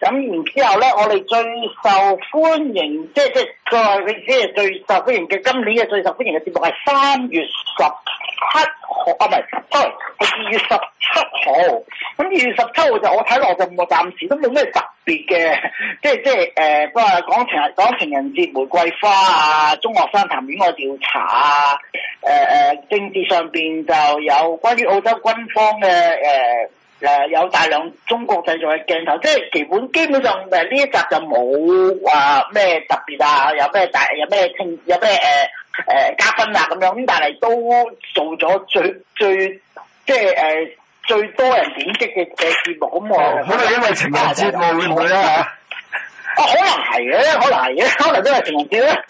S8: 咁然之後咧，我哋最受歡迎，即係即係再即係最受歡迎嘅，今年嘅最受歡迎嘅節目係三月十七號，啊唔係，係，二月十七號。咁二月十七號就我睇落就，唔我暫時都冇咩特別嘅，即係即係誒，不係講情，講情人節玫瑰花啊，中學生談戀愛調查啊，誒、呃、誒，政治上邊就有關於澳洲軍方嘅誒。呃誒、嗯、有大量中國製造嘅鏡頭，即係基本基本上誒呢一集就冇話咩特別啊，有咩大有咩傾有咩誒誒加分啊咁樣，咁但係都做咗最最即係誒最多人點擊嘅嘅節目咁喎，啊啊嗯、可能因為情人節冇會唔會啊？哦，可能係嘅、啊，可能係嘅、啊，可能都係傳聞啲啦。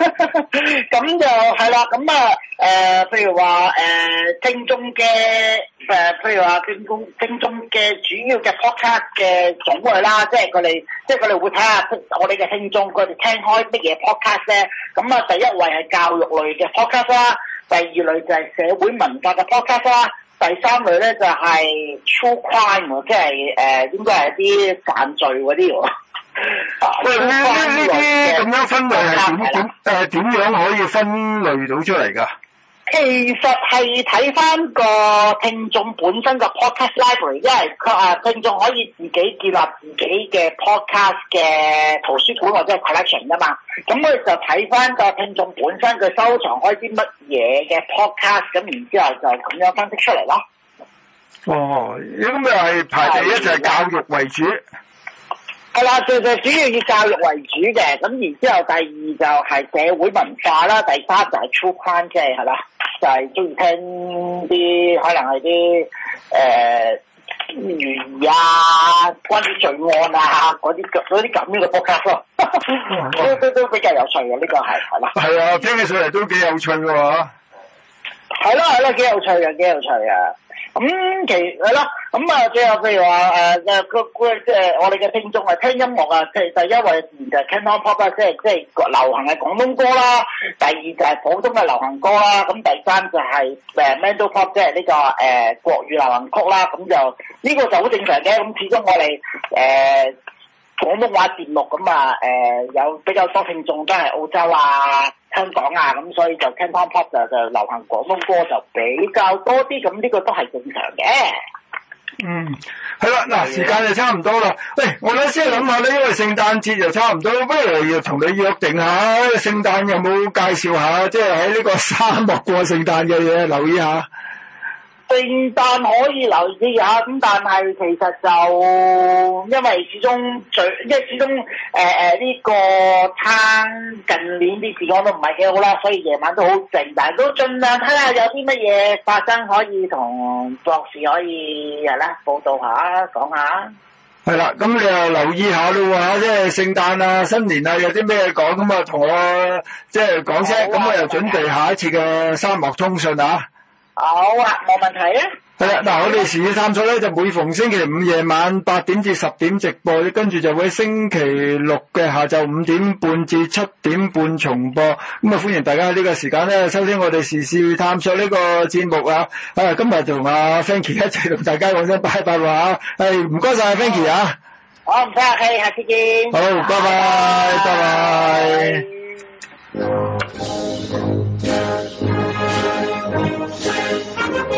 S8: 咁 [LAUGHS] 就係啦，咁啊誒，譬、呃、如話誒、呃，聽眾嘅誒，譬、呃、如話聽眾聽眾嘅主要嘅 podcast 嘅種類啦，即係佢哋，即係佢哋會睇下我哋嘅聽眾佢哋聽開乜嘢 podcast 咧。咁啊，第一位係教育類嘅 podcast 啦，第二類就係社會文化嘅 podcast 啦，第三類咧就係 true crime，即係誒、呃、應該係啲犯罪嗰啲喎。喂，呢呢啲
S1: 咁樣分類係點點？誒，點樣可以分類到
S6: 出嚟噶？
S8: 其實係睇翻個聽眾本身個 podcast library，因為佢啊聽眾可以自己建立自己嘅 podcast 嘅圖書館或者係 collection 啊嘛。咁佢就睇翻個聽眾本身佢收藏開啲乜嘢嘅 podcast，咁然之後就咁樣分析出嚟
S6: 囉。
S1: 哦，咁又係排第一就係教育為主。
S8: 係啦，就就主要以教育為主嘅，咁然之後第二就係社會文化啦，第三就係 true crime，即係係啦，就係中意聽啲可能係啲誒懸疑啊，關於罪案啊嗰啲咁啲咁樣嘅風格咯， [LAUGHS] 都都比較有趣嘅呢、呢個係係嘛？
S1: 係啊，聽起上嚟都幾有趣嘅。
S8: 係咯，係咯，幾有趣啊，幾有趣啊！咁、嗯、其係咯，咁啊，最後譬如話誒誒即係我哋嘅聽眾啊，聽音樂啊，其實因為唔同 Canton Pop 啦，即係即係流行嘅廣東歌啦，第二就係普通嘅流行歌啦，咁第三就係誒 Man Do Pop，即係呢、這個誒、呃、國語流行曲啦。咁就呢、這個就好正常嘅，咁始終我哋誒、呃、廣東話節目咁啊誒，有比較多聽眾都係澳洲啊。
S1: 香港啊，咁所以就 Cantopop 就就流行廣東歌就比較多啲，咁呢個都係正常嘅。嗯，係啦，嗱，時間就差唔多啦。喂、欸，我哋先諗下咧，因為聖誕節就差唔多，不如同你約定下，聖誕有冇介紹下？即係喺呢個沙漠過聖誕嘅嘢，留意下。
S8: 聖誕可以留意下，咁但係其實就因為始終最，即係始終誒誒呢個攤近年啲時光都唔係幾好啦，所以夜晚都好靜，但係都盡量睇下有啲乜嘢發生可以同博士可以係啦報道下，講下。
S1: 係啦，咁你又留意下啦喎，即係聖誕啊、新年啊，有啲咩講咁、就是、啊？同我即係講聲，咁我又準備下一次嘅沙漠通訊啊。好啊，冇問題啊。係啦，嗱，我哋時事探索咧就每逢星期五夜晚八點至十點直播，跟住就會星期六嘅下晝五點半至七點半重播。咁、嗯、啊，歡迎大家喺呢個時間咧收聽我哋時事探索呢個節目啊。啊，今日就同阿 Fancy 一齊同大家講聲拜拜啦，吓，係唔該晒 Fancy 啊。好，
S8: 唔客氣，下次見。好，拜拜，拜拜。